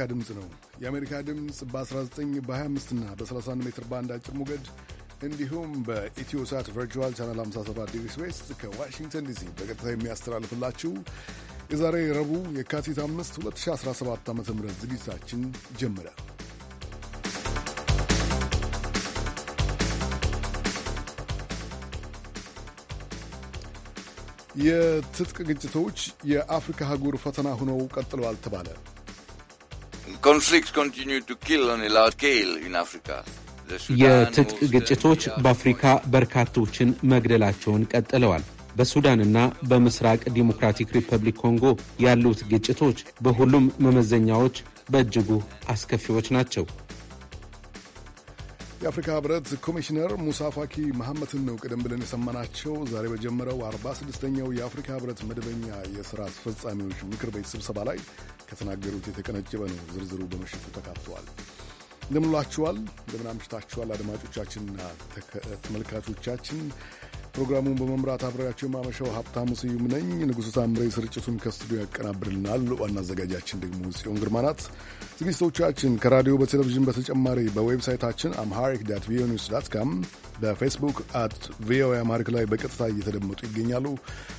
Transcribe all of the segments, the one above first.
የአሜሪካ ድምፅ ነው። የአሜሪካ ድምፅ በ19 በ25 እና በ31 ሜትር ባንድ አጭር ሞገድ እንዲሁም በኢትዮሳት ቨርቹዋል ቻናል 57 ዲግሪስ ዌስት ከዋሽንግተን ዲሲ በቀጥታ የሚያስተላልፍላችሁ የዛሬ ረቡዕ የካቲት 5 2017 ዓ ም ዝግጅታችን ጀመረ። የትጥቅ ግጭቶች የአፍሪካ አህጉር ፈተና ሆነው ቀጥለዋል ተባለ። conflicts continue to kill on a large scale in Africa. የትጥቅ ግጭቶች በአፍሪካ በርካቶችን መግደላቸውን ቀጥለዋል። በሱዳንና በምስራቅ ዲሞክራቲክ ሪፐብሊክ ኮንጎ ያሉት ግጭቶች በሁሉም መመዘኛዎች በእጅጉ አስከፊዎች ናቸው። የአፍሪካ ህብረት ኮሚሽነር ሙሳ ፋኪ መሐመትን ነው ቀደም ብለን የሰማናቸው። ዛሬ በጀመረው 46ኛው የአፍሪካ ህብረት መደበኛ የሥራ አስፈጻሚዎች ምክር ቤት ስብሰባ ላይ ከተናገሩት የተቀነጨበ ነው። ዝርዝሩ በምሽቱ ተካቷል። እንደምንላችኋል፣ እንደምናምሽታችኋል አድማጮቻችንና ተመልካቾቻችን ፕሮግራሙን በመምራት አብሬያቸው የማመሻው ሀብታሙ ስዩም ነኝ። ንጉሥ ታምሬ ስርጭቱን ከስቱዲዮ ያቀናብርልናል። ዋና አዘጋጃችን ደግሞ ጽዮን ግርማ ናት። ዝግጅቶቻችን ከራዲዮ በቴሌቪዥን በተጨማሪ በዌብሳይታችን አምሃሪክ ዳት ቪኦኤ ኒውስ ዳት ካም፣ በፌስቡክ አት ቪኦኤ አማሪክ ላይ በቀጥታ እየተደመጡ ይገኛሉ።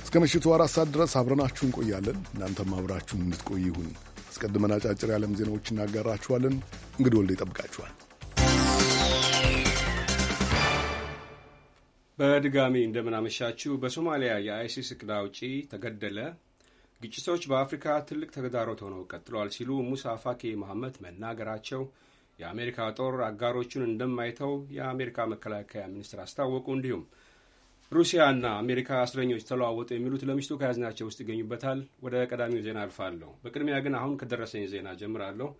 እስከ ምሽቱ አራት ሰዓት ድረስ አብረናችሁ እንቆያለን። እናንተም አብራችሁን እንድትቆይ ይሁን። አስቀድመን አጫጭር የዓለም ዜናዎች እናጋራችኋለን። እንግዲህ ወልደ ይጠብቃችኋል። በድጋሚ እንደምናመሻችው በሶማሊያ የአይሲስ እቅድ አውጪ ተገደለ፣ ግጭቶች በአፍሪካ ትልቅ ተግዳሮት ሆነው ቀጥለዋል ሲሉ ሙሳ ፋኪ መሐመድ መናገራቸው፣ የአሜሪካ ጦር አጋሮቹን እንደማይተው የአሜሪካ መከላከያ ሚኒስትር አስታወቁ፣ እንዲሁም ሩሲያና አሜሪካ እስረኞች ተለዋወጡ የሚሉት ለምሽቱ ከያዝናቸው ውስጥ ይገኙበታል። ወደ ቀዳሚው ዜና አልፋለሁ። በቅድሚያ ግን አሁን ከደረሰኝ ዜና ጀምራለሁ።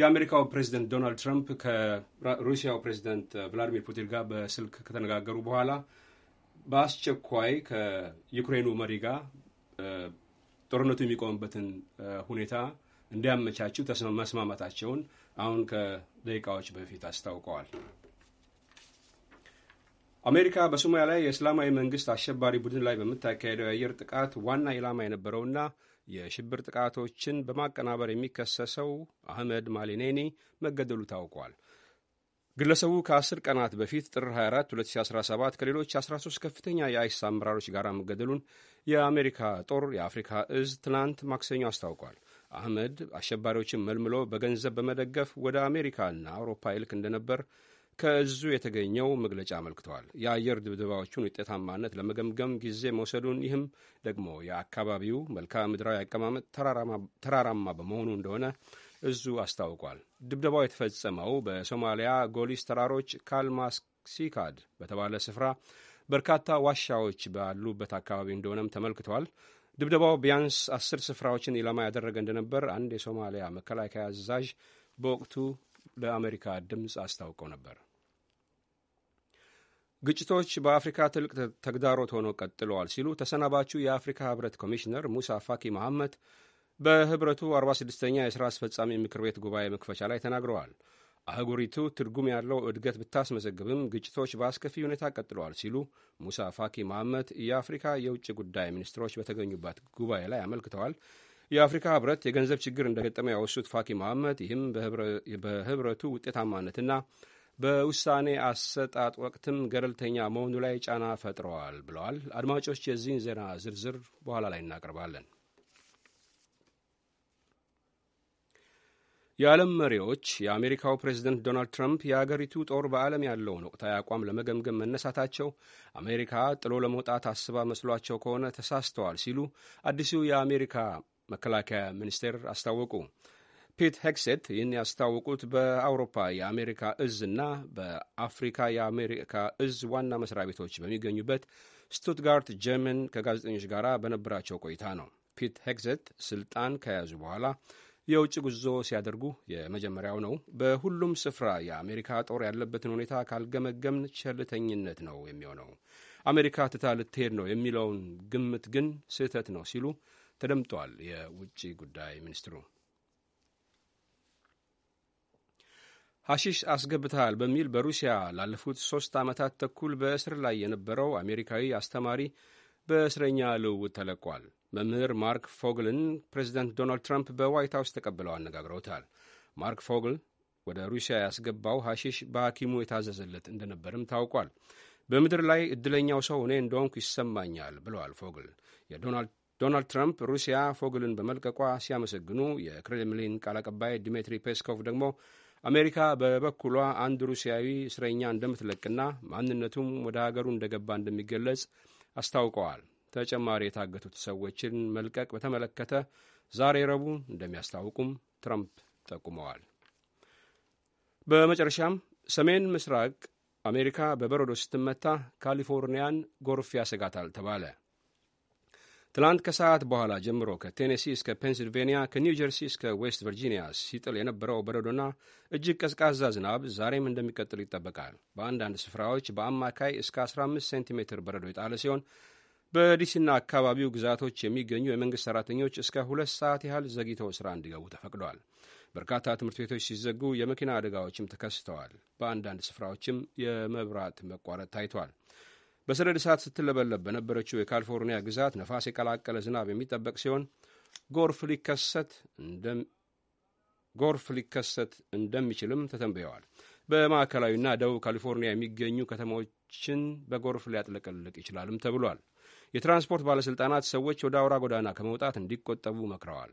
የአሜሪካው ፕሬዚደንት ዶናልድ ትራምፕ ከሩሲያው ፕሬዚደንት ቭላዲሚር ፑቲን ጋር በስልክ ከተነጋገሩ በኋላ በአስቸኳይ ከዩክሬኑ መሪ ጋር ጦርነቱ የሚቆምበትን ሁኔታ እንዲያመቻችው መስማማታቸውን አሁን ከደቂቃዎች በፊት አስታውቀዋል። አሜሪካ በሶማሊያ ላይ የእስላማዊ መንግስት አሸባሪ ቡድን ላይ በምታካሄደው የአየር ጥቃት ዋና ኢላማ የነበረውና የሽብር ጥቃቶችን በማቀናበር የሚከሰሰው አህመድ ማሊኔኒ መገደሉ ታውቋል። ግለሰቡ ከ10 ቀናት በፊት ጥር 24 2017 ከሌሎች 13 ከፍተኛ የአይስ አመራሮች ጋር መገደሉን የአሜሪካ ጦር የአፍሪካ እዝ ትናንት ማክሰኞ አስታውቋል። አህመድ አሸባሪዎችን መልምሎ በገንዘብ በመደገፍ ወደ አሜሪካና አውሮፓ ይልክ እንደነበር ከእዙ የተገኘው መግለጫ አመልክተዋል። የአየር ድብደባዎቹን ውጤታማነት ለመገምገም ጊዜ መውሰዱን፣ ይህም ደግሞ የአካባቢው መልክዓ ምድራዊ አቀማመጥ ተራራማ በመሆኑ እንደሆነ እዙ አስታውቋል። ድብደባው የተፈጸመው በሶማሊያ ጎሊስ ተራሮች ካልማሲካድ በተባለ ስፍራ በርካታ ዋሻዎች ባሉበት አካባቢ እንደሆነም ተመልክተዋል። ድብደባው ቢያንስ አስር ስፍራዎችን ኢላማ ያደረገ እንደነበር አንድ የሶማሊያ መከላከያ አዛዥ በወቅቱ ለአሜሪካ ድምፅ አስታውቀው ነበር። ግጭቶች በአፍሪካ ትልቅ ተግዳሮት ሆነው ቀጥለዋል ሲሉ ተሰናባቹ የአፍሪካ ህብረት ኮሚሽነር ሙሳ ፋኪ መሐመድ በህብረቱ 46ኛ የሥራ አስፈጻሚ ምክር ቤት ጉባኤ መክፈቻ ላይ ተናግረዋል። አህጉሪቱ ትርጉም ያለው እድገት ብታስመዘግብም ግጭቶች በአስከፊ ሁኔታ ቀጥለዋል ሲሉ ሙሳ ፋኪ መሐመድ የአፍሪካ የውጭ ጉዳይ ሚኒስትሮች በተገኙበት ጉባኤ ላይ አመልክተዋል። የአፍሪካ ህብረት የገንዘብ ችግር እንደገጠመ ያወሱት ፋኪ መሐመድ ይህም በህብረቱ ውጤታማነትና በውሳኔ አሰጣጥ ወቅትም ገለልተኛ መሆኑ ላይ ጫና ፈጥረዋል ብለዋል። አድማጮች የዚህን ዜና ዝርዝር በኋላ ላይ እናቀርባለን። የዓለም መሪዎች የአሜሪካው ፕሬዝደንት ዶናልድ ትራምፕ የአገሪቱ ጦር በዓለም ያለውን ወቅታዊ አቋም ለመገምገም መነሳታቸው አሜሪካ ጥሎ ለመውጣት አስባ መስሏቸው ከሆነ ተሳስተዋል ሲሉ አዲሱ የአሜሪካ መከላከያ ሚኒስቴር አስታወቁ። ፒት ሄግሴት ይህን ያስታወቁት በአውሮፓ የአሜሪካ እዝ እና በአፍሪካ የአሜሪካ እዝ ዋና መስሪያ ቤቶች በሚገኙበት ስቱትጋርት ጀርመን ከጋዜጠኞች ጋር በነበራቸው ቆይታ ነው። ፒት ሄግሴት ስልጣን ከያዙ በኋላ የውጭ ጉዞ ሲያደርጉ የመጀመሪያው ነው። በሁሉም ስፍራ የአሜሪካ ጦር ያለበትን ሁኔታ ካልገመገምን ቸልተኝነት ነው የሚሆነው። አሜሪካ ትታ ልትሄድ ነው የሚለውን ግምት ግን ስህተት ነው ሲሉ ተደምጠዋል። የውጭ ጉዳይ ሚኒስትሩ ሐሺሽ አስገብተሃል በሚል በሩሲያ ላለፉት ሶስት ዓመታት ተኩል በእስር ላይ የነበረው አሜሪካዊ አስተማሪ በእስረኛ ልውውጥ ተለቋል። መምህር ማርክ ፎግልን ፕሬዚደንት ዶናልድ ትራምፕ በዋይት ሀውስ ተቀብለው አነጋግረውታል። ማርክ ፎግል ወደ ሩሲያ ያስገባው ሐሺሽ በሐኪሙ የታዘዘለት እንደነበርም ታውቋል። በምድር ላይ እድለኛው ሰው እኔ እንደሆንኩ ይሰማኛል ብለዋል ፎግል። የዶናልድ ዶናልድ ትራምፕ ሩሲያ ፎግልን በመልቀቋ ሲያመሰግኑ፣ የክሬምሊን ቃል አቀባይ ድሜትሪ ፔስኮቭ ደግሞ አሜሪካ በበኩሏ አንድ ሩሲያዊ እስረኛ እንደምትለቅና ማንነቱም ወደ ሀገሩ እንደገባ እንደሚገለጽ አስታውቀዋል። ተጨማሪ የታገቱት ሰዎችን መልቀቅ በተመለከተ ዛሬ ረቡዕ እንደሚያስታውቁም ትራምፕ ጠቁመዋል። በመጨረሻም ሰሜን ምስራቅ አሜሪካ በበረዶ ስትመታ ካሊፎርኒያን ጎርፍ ያሰጋታል ተባለ። ትላንት ከሰዓት በኋላ ጀምሮ ከቴኔሲ እስከ ፔንስልቬንያ ከኒው ጀርሲ እስከ ዌስት ቨርጂኒያ ሲጥል የነበረው በረዶና እጅግ ቀዝቃዛ ዝናብ ዛሬም እንደሚቀጥል ይጠበቃል። በአንዳንድ ስፍራዎች በአማካይ እስከ 15 ሴንቲሜትር በረዶ የጣለ ሲሆን በዲሲና አካባቢው ግዛቶች የሚገኙ የመንግሥት ሠራተኞች እስከ ሁለት ሰዓት ያህል ዘግይተው ሥራ እንዲገቡ ተፈቅዷል። በርካታ ትምህርት ቤቶች ሲዘጉ የመኪና አደጋዎችም ተከስተዋል። በአንዳንድ ስፍራዎችም የመብራት መቋረጥ ታይቷል። በሰደድ እሳት ስትለበለብ በነበረችው የካሊፎርኒያ ግዛት ነፋስ የቀላቀለ ዝናብ የሚጠበቅ ሲሆን ጎርፍ ሊከሰት ጎርፍ ሊከሰት እንደሚችልም ተተንብየዋል። በማዕከላዊና ደቡብ ካሊፎርኒያ የሚገኙ ከተሞችን በጎርፍ ሊያጥለቀልቅ ይችላልም ተብሏል። የትራንስፖርት ባለሥልጣናት ሰዎች ወደ አውራ ጎዳና ከመውጣት እንዲቆጠቡ መክረዋል።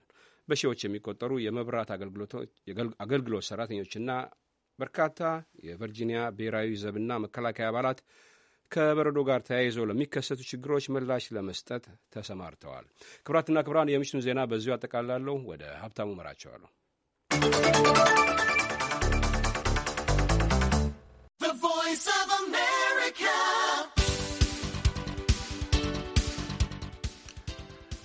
በሺዎች የሚቆጠሩ የመብራት አገልግሎት ሠራተኞችና በርካታ የቨርጂኒያ ብሔራዊ ዘብና መከላከያ አባላት ከበረዶ ጋር ተያይዘው ለሚከሰቱ ችግሮች ምላሽ ለመስጠት ተሰማርተዋል። ክብራትና ክብራን የምሽቱን ዜና በዚሁ አጠቃላለሁ። ወደ ሀብታሙ መራቸዋለሁ።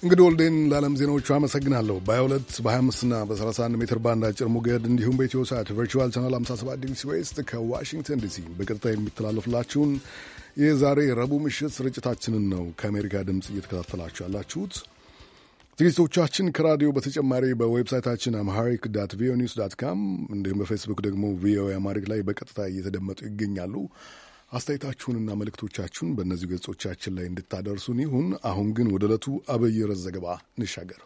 እንግዲህ ወልዴን ለዓለም ዜናዎቹ አመሰግናለሁ። በ22 በ25ና በ31 ሜትር ባንድ አጭር ሞገድ እንዲሁም በኢትዮ ሳት ቨርቹዋል ቻናል 57 ዲግሪ ዌስት ከዋሽንግተን ዲሲ በቀጥታ የሚተላለፍላችሁን የዛሬ ረቡዕ ምሽት ስርጭታችንን ነው ከአሜሪካ ድምፅ እየተከታተላችሁ ያላችሁት። ዝግጅቶቻችን ከራዲዮ በተጨማሪ በዌብሳይታችን አምሃሪክ ዳት ቪኦኤ ኒውስ ዳት ካም እንዲሁም በፌስቡክ ደግሞ ቪኦኤ አማሪክ ላይ በቀጥታ እየተደመጡ ይገኛሉ። አስተያየታችሁንና መልእክቶቻችሁን በእነዚህ ገጾቻችን ላይ እንድታደርሱን ይሁን። አሁን ግን ወደ ዕለቱ አበየረ ዘገባ እንሻገር።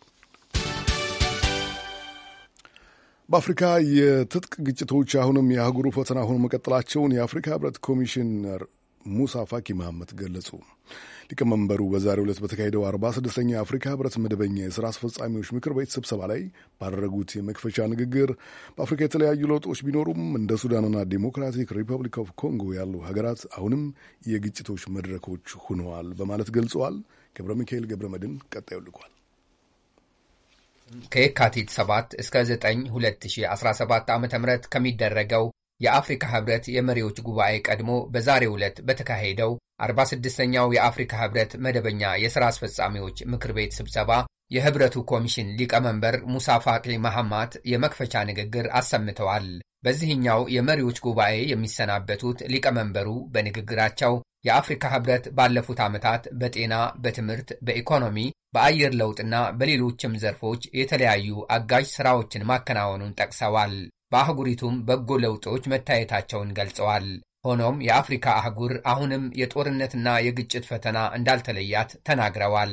በአፍሪካ የትጥቅ ግጭቶች አሁንም የአህጉሩ ፈተና ሆኖ መቀጠላቸውን የአፍሪካ ህብረት ኮሚሽነር ሙሳ ፋኪ መሐመድ ገለጹ። ሊቀመንበሩ በዛሬ ዕለት በተካሄደው አርባ ስድስተኛ የአፍሪካ ህብረት መደበኛ የሥራ አስፈጻሚዎች ምክር ቤት ስብሰባ ላይ ባደረጉት የመክፈቻ ንግግር በአፍሪካ የተለያዩ ለውጦች ቢኖሩም እንደ ሱዳንና ዲሞክራቲክ ሪፐብሊክ ኦፍ ኮንጎ ያሉ ሀገራት አሁንም የግጭቶች መድረኮች ሆነዋል በማለት ገልጸዋል። ገብረ ሚካኤል ገብረ መድን ቀጣዩ ልኳል። ከየካቲት 7 እስከ 9 2017 ዓ ም ከሚደረገው የአፍሪካ ህብረት የመሪዎች ጉባኤ ቀድሞ በዛሬው ዕለት በተካሄደው 46ኛው የአፍሪካ ህብረት መደበኛ የሥራ አስፈጻሚዎች ምክር ቤት ስብሰባ የህብረቱ ኮሚሽን ሊቀመንበር ሙሳ ፋቂ መሐማት የመክፈቻ ንግግር አሰምተዋል። በዚህኛው የመሪዎች ጉባኤ የሚሰናበቱት ሊቀመንበሩ በንግግራቸው የአፍሪካ ህብረት ባለፉት ዓመታት በጤና፣ በትምህርት፣ በኢኮኖሚ፣ በአየር ለውጥና በሌሎችም ዘርፎች የተለያዩ አጋዥ ሥራዎችን ማከናወኑን ጠቅሰዋል። በአህጉሪቱም በጎ ለውጦች መታየታቸውን ገልጸዋል። ሆኖም የአፍሪካ አህጉር አሁንም የጦርነትና የግጭት ፈተና እንዳልተለያት ተናግረዋል።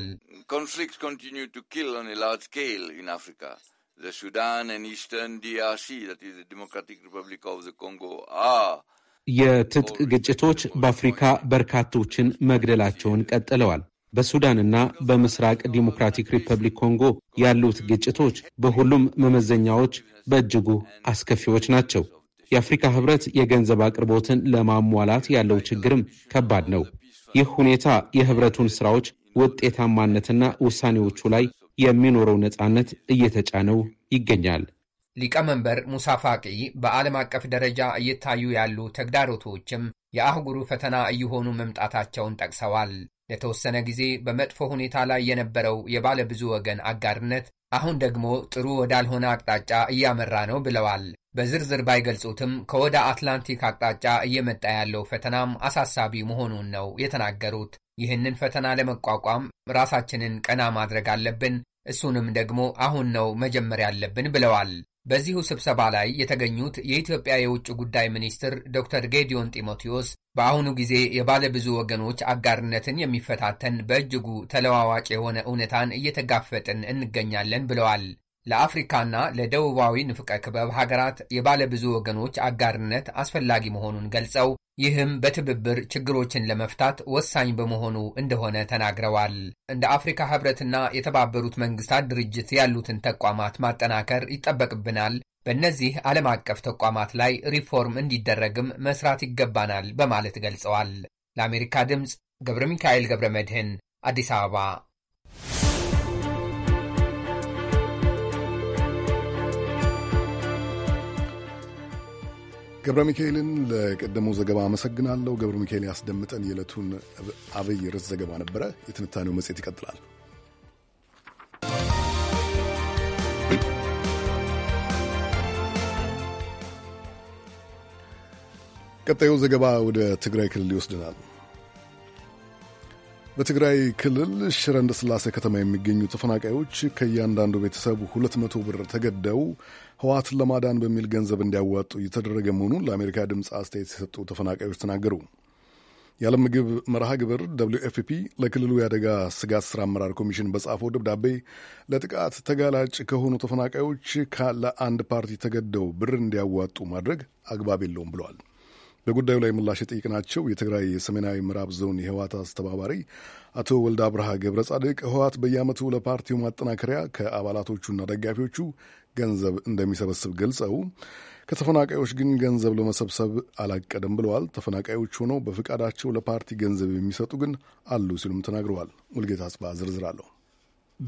የትጥቅ ግጭቶች በአፍሪካ በርካቶችን መግደላቸውን ቀጥለዋል። በሱዳንና በምስራቅ ዲሞክራቲክ ሪፐብሊክ ኮንጎ ያሉት ግጭቶች በሁሉም መመዘኛዎች በእጅጉ አስከፊዎች ናቸው። የአፍሪካ ህብረት የገንዘብ አቅርቦትን ለማሟላት ያለው ችግርም ከባድ ነው። ይህ ሁኔታ የህብረቱን ስራዎች ውጤታማነትና ውሳኔዎቹ ላይ የሚኖረው ነፃነት እየተጫነው ይገኛል። ሊቀመንበር ሙሳ ፋቂ በዓለም አቀፍ ደረጃ እየታዩ ያሉ ተግዳሮቶችም የአህጉሩ ፈተና እየሆኑ መምጣታቸውን ጠቅሰዋል። ለተወሰነ ጊዜ በመጥፎ ሁኔታ ላይ የነበረው የባለ ብዙ ወገን አጋርነት አሁን ደግሞ ጥሩ ወዳልሆነ አቅጣጫ እያመራ ነው ብለዋል። በዝርዝር ባይገልጹትም ከወደ አትላንቲክ አቅጣጫ እየመጣ ያለው ፈተናም አሳሳቢ መሆኑን ነው የተናገሩት። ይህንን ፈተና ለመቋቋም ራሳችንን ቀና ማድረግ አለብን፣ እሱንም ደግሞ አሁን ነው መጀመር ያለብን ብለዋል። በዚሁ ስብሰባ ላይ የተገኙት የኢትዮጵያ የውጭ ጉዳይ ሚኒስትር ዶክተር ጌዲዮን ጢሞቴዎስ በአሁኑ ጊዜ የባለ ብዙ ወገኖች አጋርነትን የሚፈታተን በእጅጉ ተለዋዋጭ የሆነ እውነታን እየተጋፈጥን እንገኛለን ብለዋል። ለአፍሪካና ለደቡባዊ ንፍቀ ክበብ ሀገራት የባለብዙ ወገኖች አጋርነት አስፈላጊ መሆኑን ገልጸው ይህም በትብብር ችግሮችን ለመፍታት ወሳኝ በመሆኑ እንደሆነ ተናግረዋል። እንደ አፍሪካ ህብረትና የተባበሩት መንግስታት ድርጅት ያሉትን ተቋማት ማጠናከር ይጠበቅብናል። በእነዚህ ዓለም አቀፍ ተቋማት ላይ ሪፎርም እንዲደረግም መስራት ይገባናል በማለት ገልጸዋል። ለአሜሪካ ድምፅ ገብረ ሚካኤል ገብረ መድህን አዲስ አበባ ገብረ ሚካኤልን ለቀደመው ዘገባ አመሰግናለሁ። ገብረ ሚካኤል ያስደምጠን የዕለቱን አብይ ርዕስ ዘገባ ነበረ። የትንታኔው መጽሔት ይቀጥላል። ቀጣዩ ዘገባ ወደ ትግራይ ክልል ይወስድናል። በትግራይ ክልል ሽረ እንደ ስላሴ ከተማ የሚገኙ ተፈናቃዮች ከእያንዳንዱ ቤተሰብ 200 ብር ተገደው ህዋትን ለማዳን በሚል ገንዘብ እንዲያዋጡ እየተደረገ መሆኑን ለአሜሪካ ድምፅ አስተያየት የሰጡ ተፈናቃዮች ተናገሩ። የዓለም ምግብ መርሃ ግብር ደብሊው ኤፍ ፒ ለክልሉ የአደጋ ስጋት ስራ አመራር ኮሚሽን በጻፈው ደብዳቤ ለጥቃት ተጋላጭ ከሆኑ ተፈናቃዮች ለአንድ ፓርቲ ተገደው ብር እንዲያዋጡ ማድረግ አግባብ የለውም ብለዋል። በጉዳዩ ላይ ምላሽ የጠየቅናቸው የትግራይ የሰሜናዊ ምዕራብ ዞን የህወሓት አስተባባሪ አቶ ወልደ አብርሃ ገብረ ጻድቅ ህወሓት በየዓመቱ ለፓርቲው ማጠናከሪያ ከአባላቶቹና ደጋፊዎቹ ገንዘብ እንደሚሰበስብ ገልጸው ከተፈናቃዮች ግን ገንዘብ ለመሰብሰብ አላቀደም ብለዋል። ተፈናቃዮች ሆነው በፈቃዳቸው ለፓርቲ ገንዘብ የሚሰጡ ግን አሉ ሲሉም ተናግረዋል። ሙልጌታ አጽባ ዝርዝር አለው።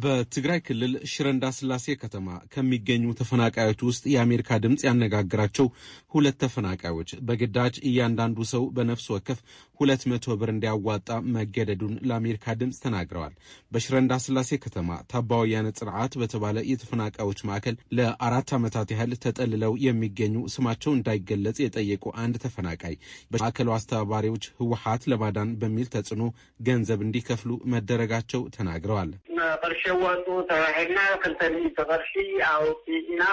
በትግራይ ክልል ሽረ እንዳስላሴ ከተማ ከሚገኙ ተፈናቃዮች ውስጥ የአሜሪካ ድምፅ ያነጋግራቸው ሁለት ተፈናቃዮች በግዳጅ እያንዳንዱ ሰው በነፍስ ወከፍ ሁለት መቶ ብር እንዲያዋጣ መገደዱን ለአሜሪካ ድምፅ ተናግረዋል። በሽረ እንዳስላሴ ከተማ ታባ ወያነ ጽንዓት በተባለ የተፈናቃዮች ማዕከል ለአራት ዓመታት ያህል ተጠልለው የሚገኙ ስማቸው እንዳይገለጽ የጠየቁ አንድ ተፈናቃይ በማዕከሉ አስተባባሪዎች ህወሀት ለማዳን በሚል ተጽዕኖ ገንዘብ እንዲከፍሉ መደረጋቸው ተናግረዋል። መቀርሸ ወጡ ተባሒና ክልተ ሚኢተ ቅርሺ አውፂኢና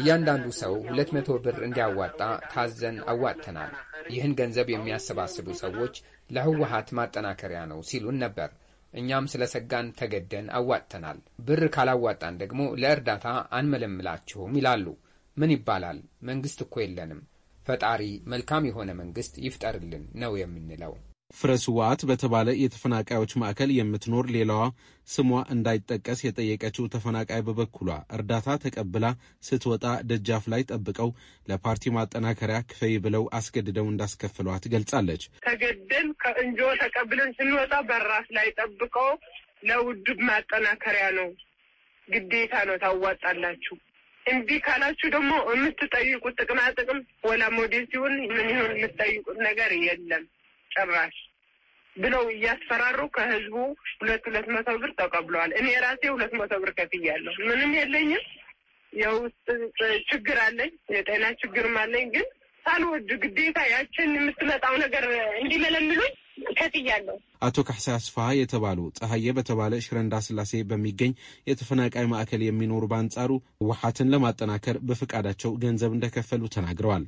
እያንዳንዱ ሰው ሁለት መቶ ብር እንዲያዋጣ ታዘን አዋጥተናል። ይህን ገንዘብ የሚያሰባስቡ ሰዎች ለህወሀት ማጠናከሪያ ነው ሲሉን ነበር። እኛም ስለ ሰጋን ተገደን አዋጥተናል። ብር ካላዋጣን ደግሞ ለእርዳታ አንመለምላችሁም ይላሉ። ምን ይባላል? መንግስት እኮ የለንም። ፈጣሪ መልካም የሆነ መንግስት ይፍጠርልን ነው የምንለው። ፍረስዋት በተባለ የተፈናቃዮች ማዕከል የምትኖር ሌላዋ ስሟ እንዳይጠቀስ የጠየቀችው ተፈናቃይ በበኩሏ እርዳታ ተቀብላ ስትወጣ ደጃፍ ላይ ጠብቀው ለፓርቲ ማጠናከሪያ ክፈይ ብለው አስገድደው እንዳስከፍሏት ገልጻለች። ተገደን ከእንጆ ተቀብለን ስንወጣ በራስ ላይ ጠብቀው ለውድብ ማጠናከሪያ ነው ግዴታ ነው ታዋጣላችሁ እንዲህ ካላችሁ ደግሞ የምትጠይቁት ጥቅማ ጥቅም ወላ ሞዴ ሲሆን ምን ይሆን የምትጠይቁት ነገር የለም ጭራሽ ብለው እያስፈራሩ ከህዝቡ ሁለት ሁለት መቶ ብር ተቀብለዋል። እኔ ራሴ ሁለት መቶ ብር ከፍያለሁ። ምንም የለኝም። የውስጥ ችግር አለኝ፣ የጤና ችግርም አለኝ። ግን ሳልወድ ግዴታ ያችን የምትመጣው ነገር እንዲመለምሉኝ ከፍያለሁ። አቶ ካሕሳ አስፋ የተባሉ ፀሐየ በተባለ ሽረ ስላሴ በሚገኝ የተፈናቃይ ማዕከል የሚኖሩ በአንጻሩ ውሓትን ለማጠናከር በፈቃዳቸው ገንዘብ እንደከፈሉ ተናግረዋል።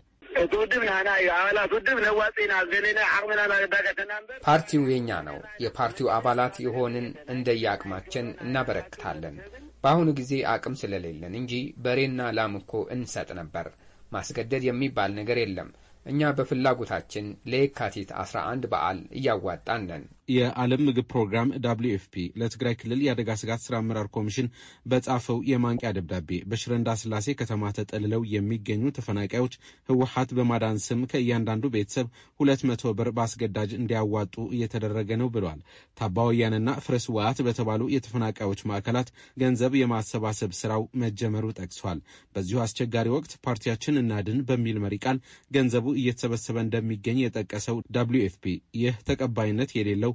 ፓርቲው የኛ ነው። የፓርቲው አባላት የሆንን እንደየአቅማችን እናበረክታለን። በአሁኑ ጊዜ አቅም ስለሌለን እንጂ በሬና ላም እኮ እንሰጥ ነበር። ማስገደድ የሚባል ነገር የለም። እኛ በፍላጎታችን ለየካቲት 11 በዓል እያዋጣን ነን። የዓለም ምግብ ፕሮግራም ዳብሊው ኤፍፒ ለትግራይ ክልል የአደጋ ስጋት ስራ አመራር ኮሚሽን በጻፈው የማንቂያ ደብዳቤ በሽረንዳ ስላሴ ከተማ ተጠልለው የሚገኙ ተፈናቃዮች ህወሀት በማዳን ስም ከእያንዳንዱ ቤተሰብ ሁለት መቶ ብር በአስገዳጅ እንዲያዋጡ እየተደረገ ነው ብለዋል። ታባ ወያንና ፍረስ ዋት በተባሉ የተፈናቃዮች ማዕከላት ገንዘብ የማሰባሰብ ስራው መጀመሩ ጠቅሷል። በዚሁ አስቸጋሪ ወቅት ፓርቲያችን እናድን በሚል መሪ ቃል ገንዘቡ እየተሰበሰበ እንደሚገኝ የጠቀሰው ኤፍ ፒ ይህ ተቀባይነት የሌለው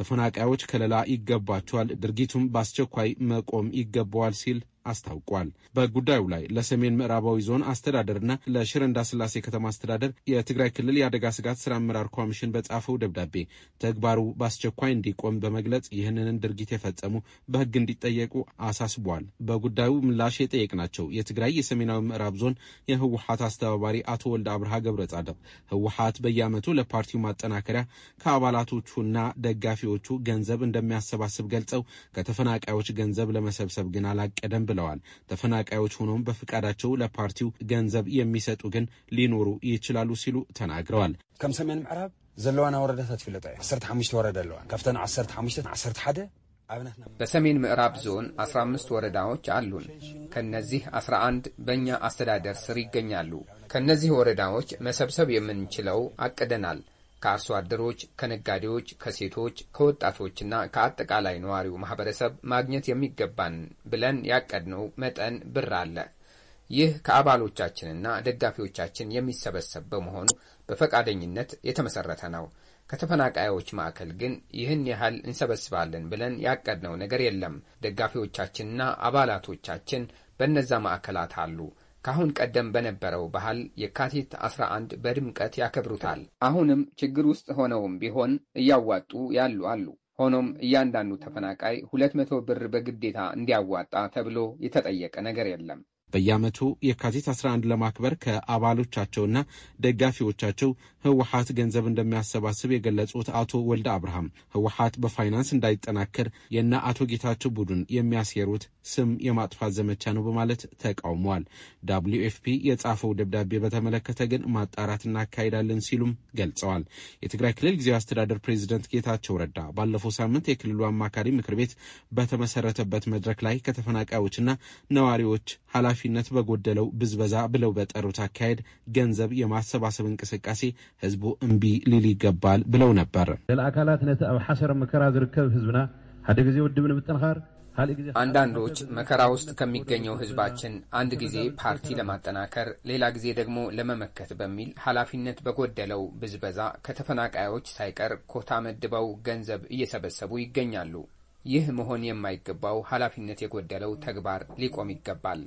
ተፈናቃዮች ከለላ ይገባቸዋል፣ ድርጊቱም በአስቸኳይ መቆም ይገባዋል ሲል አስታውቋል። በጉዳዩ ላይ ለሰሜን ምዕራባዊ ዞን አስተዳደርና ለሽረ እንዳስላሴ ከተማ አስተዳደር የትግራይ ክልል የአደጋ ስጋት ስራ አመራር ኮሚሽን በጻፈው ደብዳቤ ተግባሩ በአስቸኳይ እንዲቆም በመግለጽ ይህንን ድርጊት የፈጸሙ በሕግ እንዲጠየቁ አሳስቧል። በጉዳዩ ምላሽ የጠየቅናቸው የትግራይ የሰሜናዊ ምዕራብ ዞን የህወሀት አስተባባሪ አቶ ወልደ አብርሃ ገብረ ጻድቅ ህወሓት በየዓመቱ ለፓርቲው ማጠናከሪያ ከአባላቶቹና ደጋፊ ኃላፊዎቹ ገንዘብ እንደሚያሰባስብ ገልጸው ከተፈናቃዮች ገንዘብ ለመሰብሰብ ግን አላቀደም ብለዋል። ተፈናቃዮች ሆኖም በፍቃዳቸው ለፓርቲው ገንዘብ የሚሰጡ ግን ሊኖሩ ይችላሉ ሲሉ ተናግረዋል። ከም ሰሜን ምዕራብ ዘለዋና ወረዳታት ይፍለጣ እዩ 15 ወረዳ ኣለዋ ካብተን 15 11 በሰሜን ምዕራብ ዞን 15 ወረዳዎች አሉን። ከነዚህ 11 በእኛ አስተዳደር ስር ይገኛሉ። ከነዚህ ወረዳዎች መሰብሰብ የምንችለው አቅደናል። ከአርሶ አደሮች፣ ከነጋዴዎች፣ ከሴቶች፣ ከወጣቶችና ከአጠቃላይ ነዋሪው ማህበረሰብ ማግኘት የሚገባን ብለን ያቀድነው መጠን ብር አለ። ይህ ከአባሎቻችንና ደጋፊዎቻችን የሚሰበሰብ በመሆኑ በፈቃደኝነት የተመሰረተ ነው። ከተፈናቃዮች ማዕከል ግን ይህን ያህል እንሰበስባለን ብለን ያቀድነው ነገር የለም። ደጋፊዎቻችንና አባላቶቻችን በእነዛ ማዕከላት አሉ። ከአሁን ቀደም በነበረው ባህል የካቲት 11 በድምቀት ያከብሩታል። አሁንም ችግር ውስጥ ሆነውም ቢሆን እያዋጡ ያሉ አሉ። ሆኖም እያንዳንዱ ተፈናቃይ 200 መቶ ብር በግዴታ እንዲያዋጣ ተብሎ የተጠየቀ ነገር የለም። በየዓመቱ የካቲት 11 ለማክበር ከአባሎቻቸውና ደጋፊዎቻቸው ህወሓት ገንዘብ እንደሚያሰባስብ የገለጹት አቶ ወልደ አብርሃም ህወሓት በፋይናንስ እንዳይጠናከር የእነ አቶ ጌታቸው ቡድን የሚያሴሩት ስም የማጥፋት ዘመቻ ነው በማለት ተቃውመዋል። ዳብልዩ ኤፍፒ የጻፈው ደብዳቤ በተመለከተ ግን ማጣራት እናካሄዳለን ሲሉም ገልጸዋል። የትግራይ ክልል ጊዜያዊ አስተዳደር ፕሬዚደንት ጌታቸው ረዳ ባለፈው ሳምንት የክልሉ አማካሪ ምክር ቤት በተመሰረተበት መድረክ ላይ ከተፈናቃዮችና ነዋሪዎች ኃላፊነት በጎደለው ብዝበዛ ብለው በጠሩት አካሄድ ገንዘብ የማሰባሰብ እንቅስቃሴ ህዝቡ እምቢ ሊል ይገባል ብለው ነበር። አካላት ነቲ ኣብ ሓሰረ መከራ ዝርከብ ህዝብና ሓደ ግዜ ውድብ ንምጥንኻር አንዳንዶች መከራ ውስጥ ከሚገኘው ህዝባችን አንድ ጊዜ ፓርቲ ለማጠናከር፣ ሌላ ጊዜ ደግሞ ለመመከት በሚል ኃላፊነት በጎደለው ብዝበዛ ከተፈናቃዮች ሳይቀር ኮታ መድበው ገንዘብ እየሰበሰቡ ይገኛሉ። ይህ መሆን የማይገባው ኃላፊነት የጎደለው ተግባር ሊቆም ይገባል።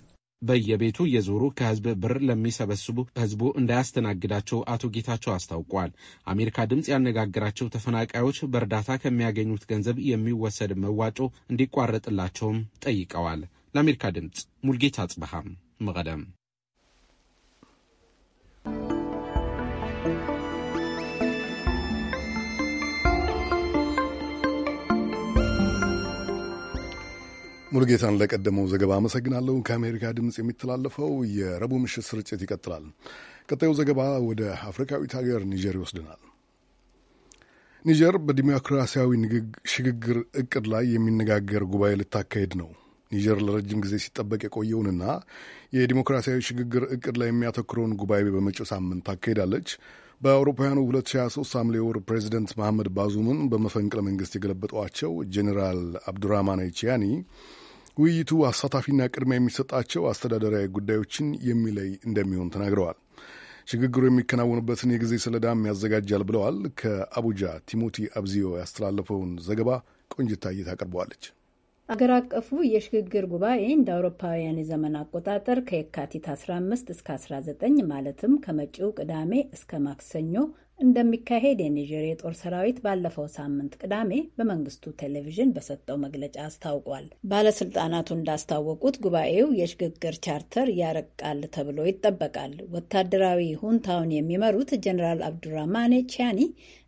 በየቤቱ የዞሩ ከህዝብ ብር ለሚሰበስቡ ህዝቡ እንዳያስተናግዳቸው አቶ ጌታቸው አስታውቋል። አሜሪካ ድምፅ ያነጋገራቸው ተፈናቃዮች በእርዳታ ከሚያገኙት ገንዘብ የሚወሰድ መዋጮ እንዲቋረጥላቸውም ጠይቀዋል። ለአሜሪካ ድምፅ ሙልጌታ አጽበሃም መቀደም ሙሉጌታን ለቀደመው ዘገባ አመሰግናለሁ። ከአሜሪካ ድምፅ የሚተላለፈው የረቡዕ ምሽት ስርጭት ይቀጥላል። ቀጣዩ ዘገባ ወደ አፍሪካዊት ሀገር ኒጀር ይወስድናል። ኒጀር በዲሞክራሲያዊ ሽግግር እቅድ ላይ የሚነጋገር ጉባኤ ልታካሄድ ነው። ኒጀር ለረጅም ጊዜ ሲጠበቅ የቆየውንና የዲሞክራሲያዊ ሽግግር እቅድ ላይ የሚያተኩረውን ጉባኤ በመጪው ሳምንት ታካሄዳለች። በአውሮፓውያኑ 2023 ሐምሌ ወር ፕሬዚደንት መሐመድ ባዙምን በመፈንቅለ መንግስት የገለበጧቸው ጄኔራል አብዱራህማን ቺያኒ ውይይቱ አሳታፊና ቅድሚያ የሚሰጣቸው አስተዳደራዊ ጉዳዮችን የሚለይ እንደሚሆን ተናግረዋል። ሽግግሩ የሚከናወንበትን የጊዜ ሰሌዳም ያዘጋጃል ብለዋል። ከአቡጃ ቲሞቲ አብዚዮ ያስተላለፈውን ዘገባ ቆንጅታዬ ታቀርበዋለች። አገር አቀፉ የሽግግር ጉባኤ እንደ አውሮፓውያን የዘመን አቆጣጠር ከየካቲት 15 እስከ 19 ማለትም ከመጪው ቅዳሜ እስከ ማክሰኞ እንደሚካሄድ የኒጀር የጦር ሰራዊት ባለፈው ሳምንት ቅዳሜ በመንግስቱ ቴሌቪዥን በሰጠው መግለጫ አስታውቋል። ባለስልጣናቱ እንዳስታወቁት ጉባኤው የሽግግር ቻርተር ያረቃል ተብሎ ይጠበቃል። ወታደራዊ ሁንታውን የሚመሩት ጀኔራል አብዱራማኔ ቻኒ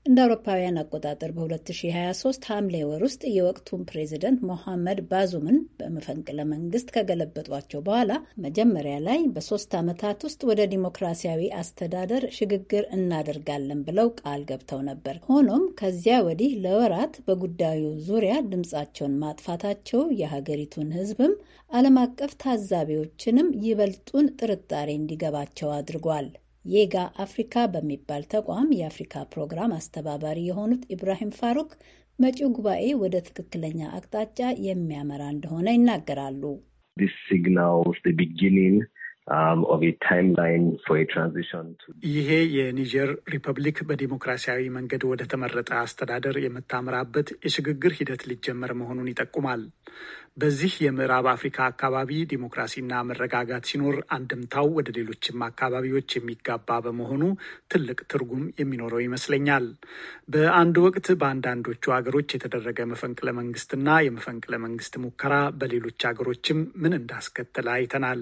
እንደ አውሮፓውያን አቆጣጠር በ2023 ሐምሌ ወር ውስጥ የወቅቱን ፕሬዚደንት ሞሐመድ ባዙምን በመፈንቅለ መንግስት ከገለበጧቸው በኋላ መጀመሪያ ላይ በሶስት ዓመታት ውስጥ ወደ ዲሞክራሲያዊ አስተዳደር ሽግግር እናደርጋለን ብለው ቃል ገብተው ነበር። ሆኖም ከዚያ ወዲህ ለወራት በጉዳዩ ዙሪያ ድምፃቸውን ማጥፋታቸው የሀገሪቱን ህዝብም ዓለም አቀፍ ታዛቢዎችንም ይበልጡን ጥርጣሬ እንዲገባቸው አድርጓል። የጋ አፍሪካ በሚባል ተቋም የአፍሪካ ፕሮግራም አስተባባሪ የሆኑት ኢብራሂም ፋሩክ መጪው ጉባኤ ወደ ትክክለኛ አቅጣጫ የሚያመራ እንደሆነ ይናገራሉ። um, ይሄ የኒጀር ሪፐብሊክ በዲሞክራሲያዊ መንገድ ወደ ተመረጠ አስተዳደር የምታምራበት የሽግግር ሂደት ሊጀመር መሆኑን ይጠቁማል። በዚህ የምዕራብ አፍሪካ አካባቢ ዲሞክራሲና መረጋጋት ሲኖር አንድምታው ወደ ሌሎችም አካባቢዎች የሚጋባ በመሆኑ ትልቅ ትርጉም የሚኖረው ይመስለኛል። በአንድ ወቅት በአንዳንዶቹ ሀገሮች የተደረገ መፈንቅለ መንግስትና የመፈንቅለ መንግስት ሙከራ በሌሎች ሀገሮችም ምን እንዳስከተለ አይተናል።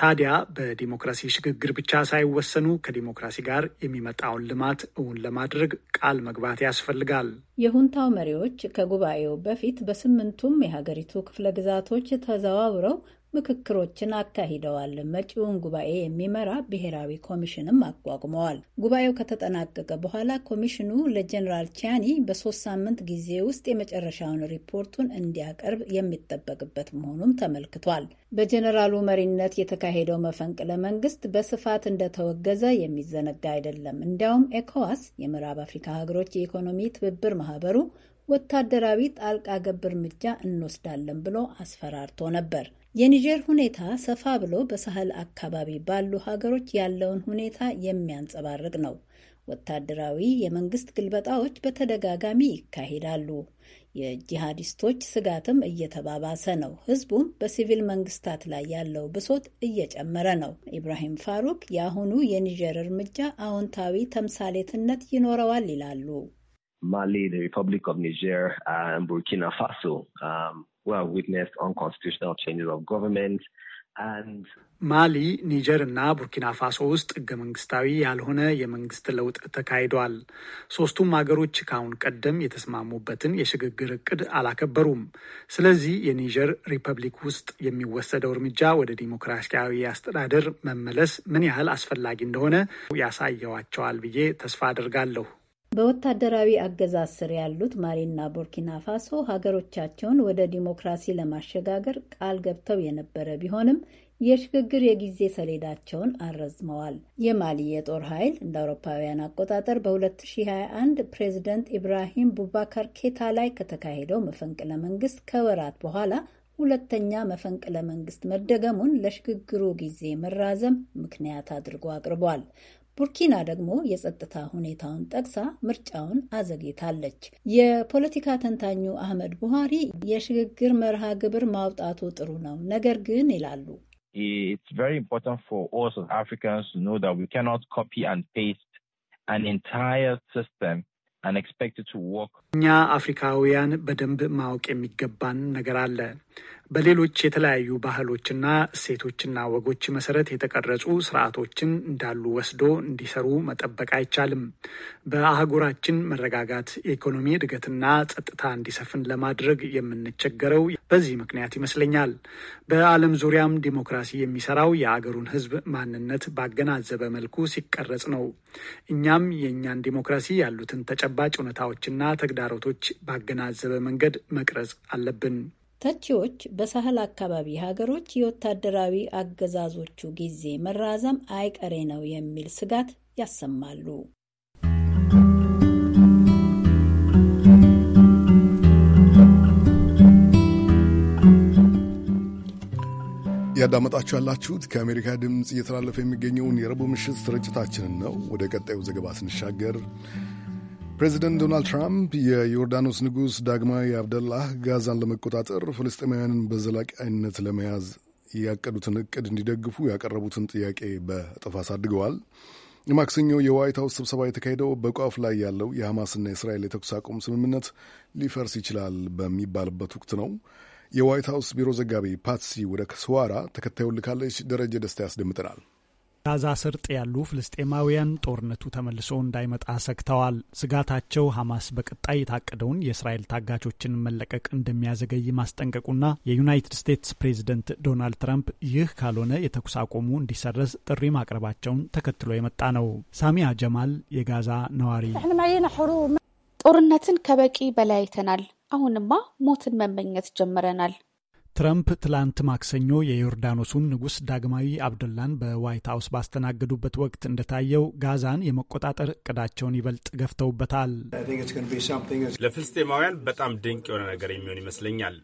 ታዲያ በዲሞክራሲ ሽግግር ብቻ ሳይወሰኑ ከዲሞክራሲ ጋር የሚመጣውን ልማት እውን ለማድረግ ቃል መግባት ያስፈልጋል። የሁንታው መሪዎች ከጉባኤው በፊት በስምንቱም የሀገሪቱ ክፍል ክፍለ ግዛቶች ተዘዋውረው ምክክሮችን አካሂደዋል። መጪውን ጉባኤ የሚመራ ብሔራዊ ኮሚሽንም አቋቁመዋል። ጉባኤው ከተጠናቀቀ በኋላ ኮሚሽኑ ለጀኔራል ቺያኒ በሶስት ሳምንት ጊዜ ውስጥ የመጨረሻውን ሪፖርቱን እንዲያቀርብ የሚጠበቅበት መሆኑም ተመልክቷል። በጀኔራሉ መሪነት የተካሄደው መፈንቅለ መንግስት በስፋት እንደተወገዘ የሚዘነጋ አይደለም። እንዲያውም ኤኮዋስ የምዕራብ አፍሪካ ሀገሮች የኢኮኖሚ ትብብር ማህበሩ ወታደራዊ ጣልቃ ገብ እርምጃ እንወስዳለን ብሎ አስፈራርቶ ነበር። የኒጀር ሁኔታ ሰፋ ብሎ በሳህል አካባቢ ባሉ ሀገሮች ያለውን ሁኔታ የሚያንጸባርቅ ነው። ወታደራዊ የመንግስት ግልበጣዎች በተደጋጋሚ ይካሄዳሉ። የጂሃዲስቶች ስጋትም እየተባባሰ ነው። ህዝቡም በሲቪል መንግስታት ላይ ያለው ብሶት እየጨመረ ነው። ኢብራሂም ፋሩክ የአሁኑ የኒጀር እርምጃ አዎንታዊ ተምሳሌትነት ይኖረዋል ይላሉ። Mali, the Republic of Niger, and Burkina Faso, um, well, witnessed unconstitutional changes of government. ማሊ ኒጀር እና ቡርኪና ፋሶ ውስጥ ህገ መንግስታዊ ያልሆነ የመንግስት ለውጥ ተካሂዷል። ሶስቱም ሀገሮች ከአሁን ቀደም የተስማሙበትን የሽግግር እቅድ አላከበሩም። ስለዚህ የኒጀር ሪፐብሊክ ውስጥ የሚወሰደው እርምጃ ወደ ዲሞክራሲያዊ አስተዳደር መመለስ ምን ያህል አስፈላጊ እንደሆነ ያሳየዋቸዋል ብዬ ተስፋ አድርጋለሁ። በወታደራዊ አገዛዝ ስር ያሉት ማሊና ቡርኪና ፋሶ ሀገሮቻቸውን ወደ ዲሞክራሲ ለማሸጋገር ቃል ገብተው የነበረ ቢሆንም የሽግግር የጊዜ ሰሌዳቸውን አረዝመዋል። የማሊ የጦር ኃይል እንደ አውሮፓውያን አቆጣጠር በ2021 ፕሬዚደንት ኢብራሂም ቡባካር ኬታ ላይ ከተካሄደው መፈንቅለ መንግስት ከወራት በኋላ ሁለተኛ መፈንቅለ መንግስት መደገሙን ለሽግግሩ ጊዜ መራዘም ምክንያት አድርጎ አቅርቧል። ቡርኪና ደግሞ የጸጥታ ሁኔታውን ጠቅሳ ምርጫውን አዘግይታለች። የፖለቲካ ተንታኙ አህመድ ቡሃሪ የሽግግር መርሃ ግብር ማውጣቱ ጥሩ ነው፣ ነገር ግን ይላሉ እኛ አፍሪካውያን በደንብ ማወቅ የሚገባን ነገር አለ። በሌሎች የተለያዩ ባህሎችና እሴቶችና ወጎች መሰረት የተቀረጹ ስርዓቶችን እንዳሉ ወስዶ እንዲሰሩ መጠበቅ አይቻልም። በአህጉራችን መረጋጋት፣ የኢኮኖሚ እድገትና ጸጥታ እንዲሰፍን ለማድረግ የምንቸገረው በዚህ ምክንያት ይመስለኛል። በዓለም ዙሪያም ዲሞክራሲ የሚሰራው የአገሩን ሕዝብ ማንነት ባገናዘበ መልኩ ሲቀረጽ ነው። እኛም የእኛን ዲሞክራሲ ያሉትን ተጨባጭ እውነታዎችና ተግዳሮቶች ባገናዘበ መንገድ መቅረጽ አለብን። ተቺዎች በሳህል አካባቢ ሀገሮች የወታደራዊ አገዛዞቹ ጊዜ መራዘም አይቀሬ ነው የሚል ስጋት ያሰማሉ። እያዳመጣችሁ ያላችሁት ከአሜሪካ ድምፅ እየተላለፈ የሚገኘውን የረቡዕ ምሽት ስርጭታችንን ነው። ወደ ቀጣዩ ዘገባ ስንሻገር ፕሬዚደንት ዶናልድ ትራምፕ የዮርዳኖስ ንጉሥ ዳግማዊ አብደላህ ጋዛን ለመቆጣጠር ፍልስጤማውያንን በዘላቂነት ለመያዝ ያቀዱትን እቅድ እንዲደግፉ ያቀረቡትን ጥያቄ በእጥፍ አሳድገዋል። የማክሰኞው የዋይት ሀውስ ስብሰባ የተካሄደው በቋፍ ላይ ያለው የሐማስና የእስራኤል የተኩስ አቁም ስምምነት ሊፈርስ ይችላል በሚባልበት ወቅት ነው። የዋይት ሀውስ ቢሮ ዘጋቢ ፓትሲ ወደ ስዋራ ተከታዩን ልካለች። ደረጀ ደስታ ያስደምጠናል። ጋዛ ስርጥ ያሉ ፍልስጤማውያን ጦርነቱ ተመልሶ እንዳይመጣ ሰግተዋል። ስጋታቸው ሐማስ በቀጣይ የታቀደውን የእስራኤል ታጋቾችን መለቀቅ እንደሚያዘገይ ማስጠንቀቁና የዩናይትድ ስቴትስ ፕሬዝደንት ዶናልድ ትራምፕ ይህ ካልሆነ የተኩስ አቁሙ እንዲሰረዝ ጥሪ ማቅረባቸውን ተከትሎ የመጣ ነው። ሳሚያ ጀማል የጋዛ ነዋሪ፣ ጦርነትን ከበቂ በላይ አይተናል። አሁንማ ሞትን መመኘት ጀምረናል። ትራምፕ ትላንት ማክሰኞ የዮርዳኖሱን ንጉሥ ዳግማዊ አብደላን በዋይት ሀውስ ባስተናገዱበት ወቅት እንደታየው ጋዛን የመቆጣጠር እቅዳቸውን ይበልጥ ገፍተውበታል። ለፍልስጤማውያን በጣም ድንቅ የሆነ ነገር የሚሆን ይመስለኛል።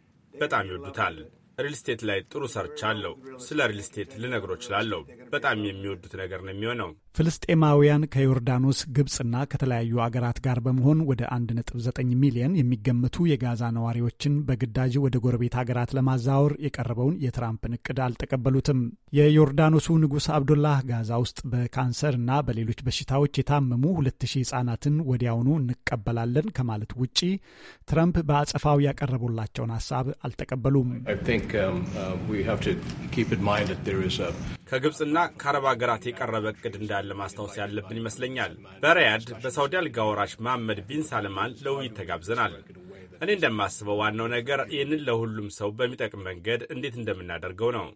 በጣም ይወዱታል። ሪል ስቴት ላይ ጥሩ ሰርቻለሁ። ስለ ሪል ስቴት ልነግሮ እችላለሁ። በጣም የሚወዱት ነገር ነው የሚሆነው። ፍልስጤማውያን ከዮርዳኖስ ግብፅና ከተለያዩ አገራት ጋር በመሆን ወደ 1.9 ሚሊዮን የሚገመቱ የጋዛ ነዋሪዎችን በግዳጅ ወደ ጎረቤት አገራት ለማዛወር የቀረበውን የትራምፕን እቅድ አልተቀበሉትም። የዮርዳኖሱ ንጉሥ አብዱላህ ጋዛ ውስጥ በካንሰር እና በሌሎች በሽታዎች የታመሙ 2000 ህጻናትን ወዲያውኑ እንቀበላለን ከማለት ውጪ ትራምፕ በአጸፋው ያቀረቡላቸውን ሀሳብ አልተቀበሉም። Um, uh, ከግብፅና ከአረብ ሀገራት የቀረበ እቅድ እንዳለ ማስታወስ ያለብን ይመስለኛል። በሪያድ በሳውዲ አልጋ ወራሽ መሐመድ ቢን ሳልማን ለውይይት ተጋብዘናል። እኔ እንደማስበው ዋናው ነገር ይህንን ለሁሉም ሰው በሚጠቅም መንገድ እንዴት እንደምናደርገው ነው።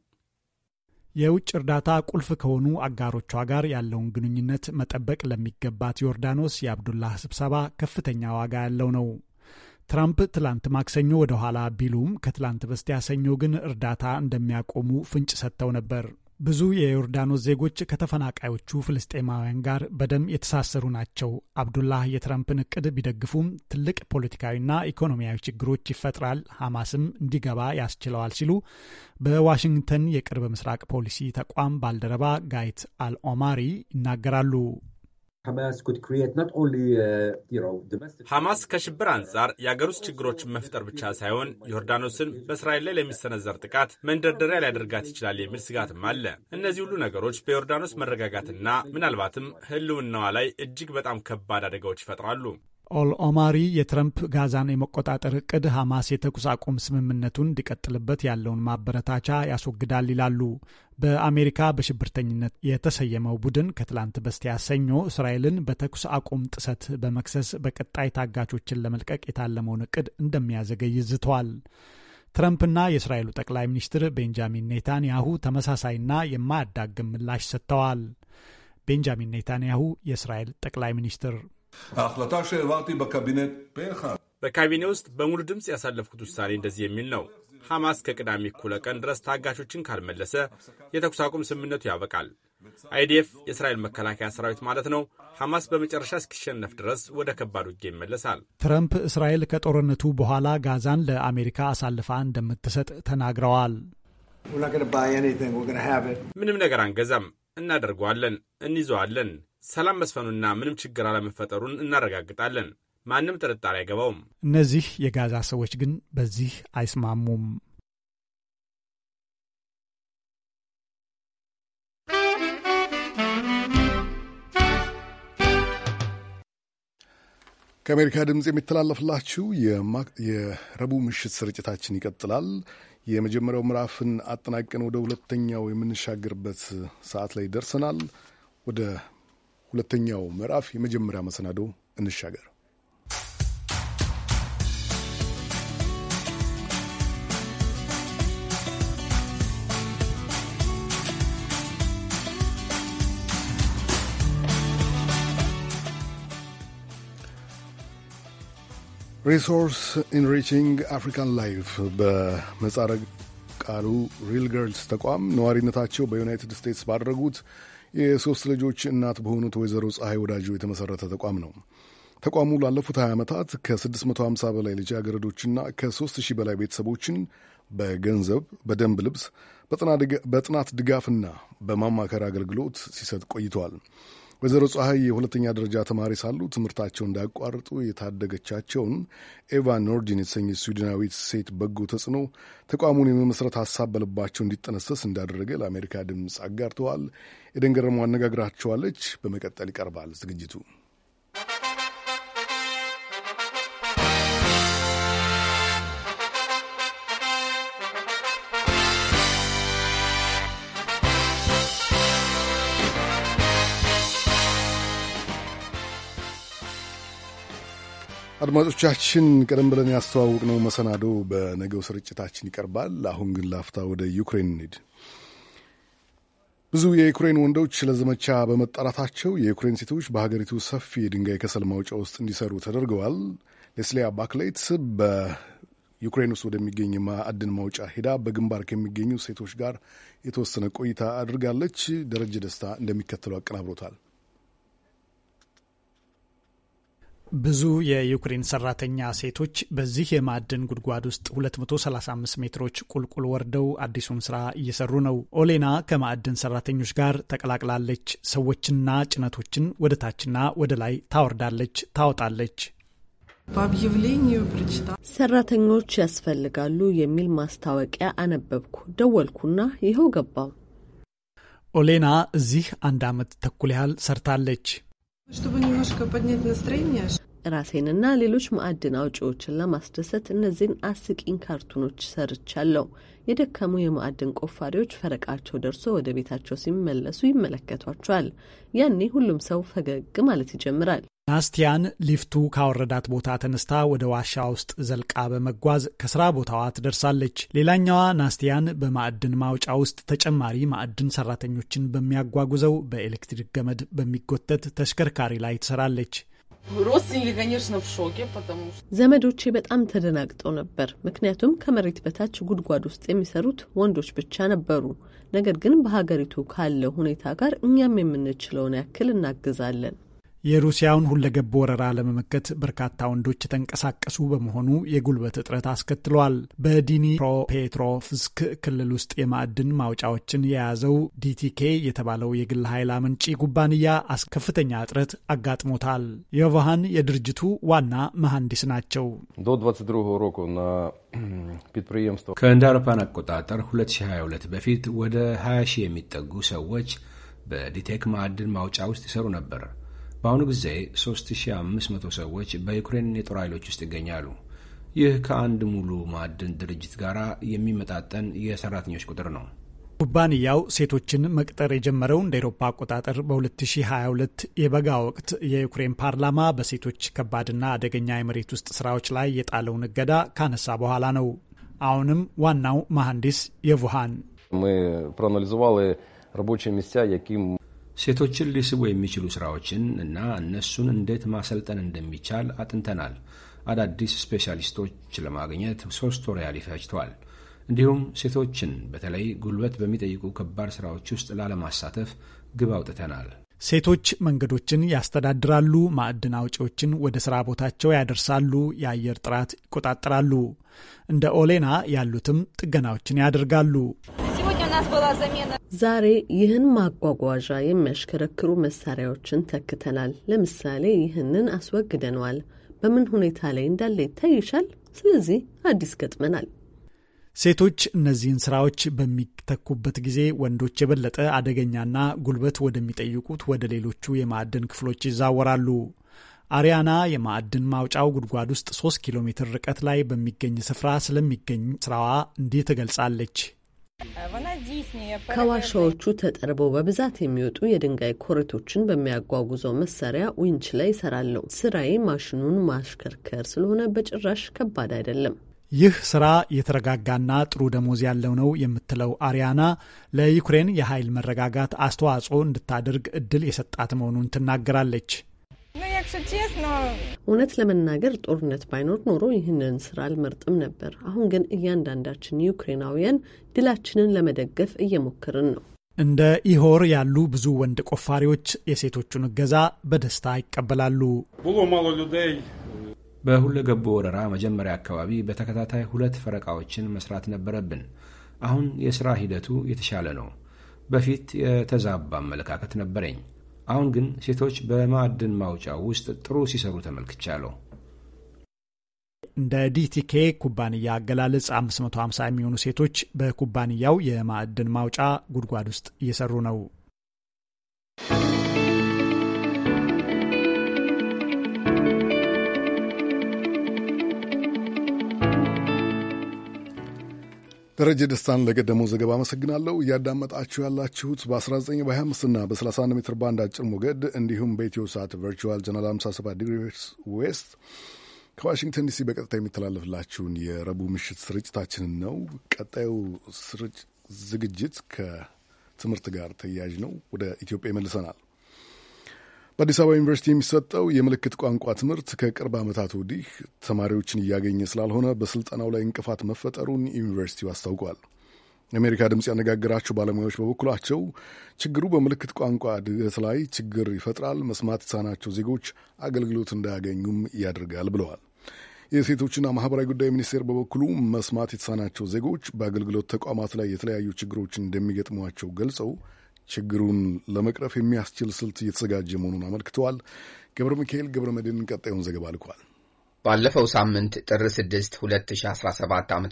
የውጭ እርዳታ ቁልፍ ከሆኑ አጋሮቿ ጋር ያለውን ግንኙነት መጠበቅ ለሚገባት ዮርዳኖስ የአብዱላህ ስብሰባ ከፍተኛ ዋጋ ያለው ነው። ትራምፕ ትላንት ማክሰኞ ወደ ኋላ ቢሉም ከትላንት በስቲያ ሰኞ ግን እርዳታ እንደሚያቆሙ ፍንጭ ሰጥተው ነበር። ብዙ የዮርዳኖስ ዜጎች ከተፈናቃዮቹ ፍልስጤማውያን ጋር በደም የተሳሰሩ ናቸው። አብዱላህ የትራምፕን እቅድ ቢደግፉም ትልቅ ፖለቲካዊና ኢኮኖሚያዊ ችግሮች ይፈጥራል፣ ሐማስም እንዲገባ ያስችለዋል ሲሉ በዋሽንግተን የቅርብ ምስራቅ ፖሊሲ ተቋም ባልደረባ ጋይት አልኦማሪ ይናገራሉ። Uh, ሐማስ ከሽብር አንጻር የአገር ውስጥ ችግሮችን መፍጠር ብቻ ሳይሆን ዮርዳኖስን በእስራኤል ላይ ለሚሰነዘር ጥቃት መንደርደሪያ ሊያደርጋት ይችላል የሚል ስጋትም አለ። እነዚህ ሁሉ ነገሮች በዮርዳኖስ መረጋጋትና ምናልባትም ሕልውናዋ ላይ እጅግ በጣም ከባድ አደጋዎች ይፈጥራሉ። ኦል ኦማሪ የትረምፕ ጋዛን የመቆጣጠር እቅድ ሐማስ የተኩስ አቁም ስምምነቱን እንዲቀጥልበት ያለውን ማበረታቻ ያስወግዳል ይላሉ። በአሜሪካ በሽብርተኝነት የተሰየመው ቡድን ከትላንት በስቲያ ሰኞ እስራኤልን በተኩስ አቁም ጥሰት በመክሰስ በቀጣይ ታጋቾችን ለመልቀቅ የታለመውን እቅድ እንደሚያዘገይ ዝተዋል። ትረምፕና የእስራኤሉ ጠቅላይ ሚኒስትር ቤንጃሚን ኔታንያሁ ተመሳሳይና የማያዳግም ምላሽ ሰጥተዋል። ቤንጃሚን ኔታንያሁ የእስራኤል ጠቅላይ ሚኒስትር ההחלטה שהעברתי בקבינט פה אחד በካቢኔ ውስጥ በሙሉ ድምፅ ያሳለፍኩት ውሳኔ እንደዚህ የሚል ነው። ሐማስ ከቅዳሜ እኩለ ቀን ድረስ ታጋቾችን ካልመለሰ የተኩስ አቁም ስምምነቱ ያበቃል። አይዲኤፍ የእስራኤል መከላከያ ሰራዊት ማለት ነው። ሐማስ በመጨረሻ እስኪሸነፍ ድረስ ወደ ከባድ ውጊያ ይመለሳል። ትረምፕ እስራኤል ከጦርነቱ በኋላ ጋዛን ለአሜሪካ አሳልፋ እንደምትሰጥ ተናግረዋል። ምንም ነገር አንገዛም፣ እናደርገዋለን፣ እንይዘዋለን ሰላም መስፈኑና ምንም ችግር አለመፈጠሩን እናረጋግጣለን። ማንም ጥርጣሬ አይገባውም። እነዚህ የጋዛ ሰዎች ግን በዚህ አይስማሙም። ከአሜሪካ ድምፅ የሚተላለፍላችሁ የረቡዕ ምሽት ስርጭታችን ይቀጥላል። የመጀመሪያው ምዕራፍን አጠናቀን ወደ ሁለተኛው የምንሻገርበት ሰዓት ላይ ደርሰናል። ወደ ሁለተኛው ምዕራፍ የመጀመሪያ መሰናዶ እንሻገር። ሪሶርስ ኢንሪቺንግ አፍሪካን ላይፍ በመጻረ ቃሉ ሪል ገርልስ ተቋም ነዋሪነታቸው በዩናይትድ ስቴትስ ባደረጉት የሶስት ልጆች እናት በሆኑት ወይዘሮ ፀሐይ ወዳጆ የተመሰረተ ተቋም ነው። ተቋሙ ላለፉት 20 ዓመታት ከ650 በላይ ልጃገረዶችና ከ3000 በላይ ቤተሰቦችን በገንዘብ በደንብ ልብስ፣ በጥናት ድጋፍና በማማከር አገልግሎት ሲሰጥ ቆይተዋል። ወይዘሮ ፀሐይ የሁለተኛ ደረጃ ተማሪ ሳሉ ትምህርታቸውን እንዳያቋርጡ የታደገቻቸውን ኤቫ ኖርዲን የተሰኘች ስዊድናዊት ሴት በጎ ተጽዕኖ ተቋሙን የመመስረት ሀሳብ በልባቸው እንዲጠነሰስ እንዳደረገ ለአሜሪካ ድምፅ አጋርተዋል። የደንገረሙ አነጋግራቸዋለች። በመቀጠል ይቀርባል ዝግጅቱ አድማጮቻችን ቀደም ብለን ያስተዋውቅ ነው። መሰናዶ በነገው ስርጭታችን ይቀርባል። አሁን ግን ላፍታ ወደ ዩክሬን እንሂድ። ብዙ የዩክሬን ወንዶች ለዘመቻ በመጣራታቸው የዩክሬን ሴቶች በሀገሪቱ ሰፊ የድንጋይ ከሰል ማውጫ ውስጥ እንዲሰሩ ተደርገዋል። ሌስሊያ ባክሌት በዩክሬን ውስጥ ወደሚገኝ ማዕድን ማውጫ ሄዳ በግንባር ከሚገኙ ሴቶች ጋር የተወሰነ ቆይታ አድርጋለች። ደረጀ ደስታ እንደሚከተለው አቀናብሮታል። ብዙ የዩክሬን ሰራተኛ ሴቶች በዚህ የማዕድን ጉድጓድ ውስጥ 235 ሜትሮች ቁልቁል ወርደው አዲሱን ስራ እየሰሩ ነው። ኦሌና ከማዕድን ሰራተኞች ጋር ተቀላቅላለች። ሰዎችና ጭነቶችን ወደ ታችና ወደ ላይ ታወርዳለች፣ ታወጣለች። ሰራተኞች ያስፈልጋሉ የሚል ማስታወቂያ አነበብኩ። ደወልኩና ይኸው ገባው። ኦሌና እዚህ አንድ ዓመት ተኩል ያህል ሰርታለች። ራሴንና ሌሎች ማዕድን አውጪዎችን ለማስደሰት እነዚህን አስቂኝ ካርቱኖች ሰርቻለሁ። የደከሙ የማዕድን ቆፋሪዎች ፈረቃቸው ደርሶ ወደ ቤታቸው ሲመለሱ ይመለከቷቸዋል። ያኔ ሁሉም ሰው ፈገግ ማለት ይጀምራል። ናስቲያን ሊፍቱ ካወረዳት ቦታ ተነስታ ወደ ዋሻ ውስጥ ዘልቃ በመጓዝ ከስራ ቦታዋ ትደርሳለች። ሌላኛዋ ናስቲያን በማዕድን ማውጫ ውስጥ ተጨማሪ ማዕድን ሰራተኞችን በሚያጓጉዘው በኤሌክትሪክ ገመድ በሚጎተት ተሽከርካሪ ላይ ትሰራለች። ዘመዶቼ በጣም ተደናግጠው ነበር፣ ምክንያቱም ከመሬት በታች ጉድጓድ ውስጥ የሚሰሩት ወንዶች ብቻ ነበሩ። ነገር ግን በሀገሪቱ ካለው ሁኔታ ጋር እኛም የምንችለውን ያክል እናግዛለን። የሩሲያውን ሁለገብ ወረራ ለመመከት በርካታ ወንዶች የተንቀሳቀሱ በመሆኑ የጉልበት እጥረት አስከትሏል። በዲኒፕሮፔትሮቭስክ ክልል ውስጥ የማዕድን ማውጫዎችን የያዘው ዲቲኬ የተባለው የግል ኃይል አመንጪ ኩባንያ ከፍተኛ እጥረት አጋጥሞታል። የቫሃን የድርጅቱ ዋና መሐንዲስ ናቸው። ከእንደ አውሮፓን አቆጣጠር 2022 በፊት ወደ 20 ሺህ የሚጠጉ ሰዎች በዲቴክ ማዕድን ማውጫ ውስጥ ይሰሩ ነበር። በአሁኑ ጊዜ 3500 ሰዎች በዩክሬን የጦር ኃይሎች ውስጥ ይገኛሉ። ይህ ከአንድ ሙሉ ማዕድን ድርጅት ጋር የሚመጣጠን የሰራተኞች ቁጥር ነው። ኩባንያው ሴቶችን መቅጠር የጀመረው እንደ ኤሮፓ አቆጣጠር በ2022 የበጋ ወቅት የዩክሬን ፓርላማ በሴቶች ከባድና አደገኛ የመሬት ውስጥ ስራዎች ላይ የጣለውን እገዳ ካነሳ በኋላ ነው። አሁንም ዋናው መሐንዲስ የቡሃን ሴቶችን ሊስቡ የሚችሉ ሥራዎችን እና እነሱን እንዴት ማሰልጠን እንደሚቻል አጥንተናል። አዳዲስ ስፔሻሊስቶች ለማግኘት ሶስት ወር ያህል ፈጅተዋል። እንዲሁም ሴቶችን በተለይ ጉልበት በሚጠይቁ ከባድ ሥራዎች ውስጥ ላለማሳተፍ ግብ አውጥተናል። ሴቶች መንገዶችን ያስተዳድራሉ፣ ማዕድን አውጪዎችን ወደ ስራ ቦታቸው ያደርሳሉ፣ የአየር ጥራት ይቆጣጠራሉ፣ እንደ ኦሌና ያሉትም ጥገናዎችን ያደርጋሉ። ዛሬ ይህን ማጓጓዣ የሚያሽከረክሩ መሳሪያዎችን ተክተናል። ለምሳሌ ይህንን አስወግደነዋል። በምን ሁኔታ ላይ እንዳለ ይታይሻል። ስለዚህ አዲስ ገጥመናል። ሴቶች እነዚህን ስራዎች በሚተኩበት ጊዜ ወንዶች የበለጠ አደገኛና ጉልበት ወደሚጠይቁት ወደ ሌሎቹ የማዕድን ክፍሎች ይዛወራሉ። አሪያና የማዕድን ማውጫው ጉድጓድ ውስጥ ሶስት ኪሎ ሜትር ርቀት ላይ በሚገኝ ስፍራ ስለሚገኝ ስራዋ እንዲህ ትገልጻለች። ከዋሻዎቹ ተጠርበው በብዛት የሚወጡ የድንጋይ ኮረቶችን በሚያጓጉዘው መሳሪያ ዊንች ላይ ይሰራለሁ። ስራዬ ማሽኑን ማሽከርከር ስለሆነ በጭራሽ ከባድ አይደለም። ይህ ስራ የተረጋጋና ጥሩ ደሞዝ ያለው ነው የምትለው አሪያና ለዩክሬን የኃይል መረጋጋት አስተዋጽኦ እንድታደርግ እድል የሰጣት መሆኑን ትናገራለች። እውነት ለመናገር ጦርነት ባይኖር ኖሮ ይህንን ስራ አልመርጥም ነበር። አሁን ግን እያንዳንዳችን ዩክሬናውያን ድላችንን ለመደገፍ እየሞከርን ነው። እንደ ኢሆር ያሉ ብዙ ወንድ ቆፋሪዎች የሴቶቹን እገዛ በደስታ ይቀበላሉ። በሁለገቡ ወረራ መጀመሪያ አካባቢ በተከታታይ ሁለት ፈረቃዎችን መስራት ነበረብን። አሁን የሥራ ሂደቱ የተሻለ ነው። በፊት የተዛባ አመለካከት ነበረኝ። አሁን ግን ሴቶች በማዕድን ማውጫው ውስጥ ጥሩ ሲሰሩ ተመልክቻለሁ። እንደ ዲቲኬ ኩባንያ አገላለጽ 550 የሚሆኑ ሴቶች በኩባንያው የማዕድን ማውጫ ጉድጓድ ውስጥ እየሰሩ ነው። ደረጀ ደስታን ለቀደመው ዘገባ አመሰግናለሁ። እያዳመጣችሁ ያላችሁት በ19 በ25ና በ31 ሜትር ባንድ አጭር ሞገድ እንዲሁም በኢትዮ ሰዓት ቨርቹዋል ጀነራል 57 ዲግሪ ዌስት ከዋሽንግተን ዲሲ በቀጥታ የሚተላለፍላችሁን የረቡዕ ምሽት ስርጭታችንን ነው። ቀጣዩ ስርጭ ዝግጅት ከትምህርት ጋር ተያያዥ ነው። ወደ ኢትዮጵያ ይመልሰናል። በአዲስ አበባ ዩኒቨርሲቲ የሚሰጠው የምልክት ቋንቋ ትምህርት ከቅርብ ዓመታት ወዲህ ተማሪዎችን እያገኘ ስላልሆነ በስልጠናው ላይ እንቅፋት መፈጠሩን ዩኒቨርሲቲው አስታውቋል። የአሜሪካ ድምፅ ያነጋገራቸው ባለሙያዎች በበኩላቸው ችግሩ በምልክት ቋንቋ እድገት ላይ ችግር ይፈጥራል፣ መስማት የተሳናቸው ዜጎች አገልግሎት እንዳያገኙም ያደርጋል ብለዋል። የሴቶችና ማህበራዊ ጉዳይ ሚኒስቴር በበኩሉ መስማት የተሳናቸው ዜጎች በአገልግሎት ተቋማት ላይ የተለያዩ ችግሮች እንደሚገጥሟቸው ገልጸው ችግሩን ለመቅረፍ የሚያስችል ስልት እየተዘጋጀ መሆኑን አመልክተዋል። ገብረ ሚካኤል ገብረ መድህን ቀጣዩን ዘገባ ልኳል። ባለፈው ሳምንት ጥር 6 2017 ዓ ም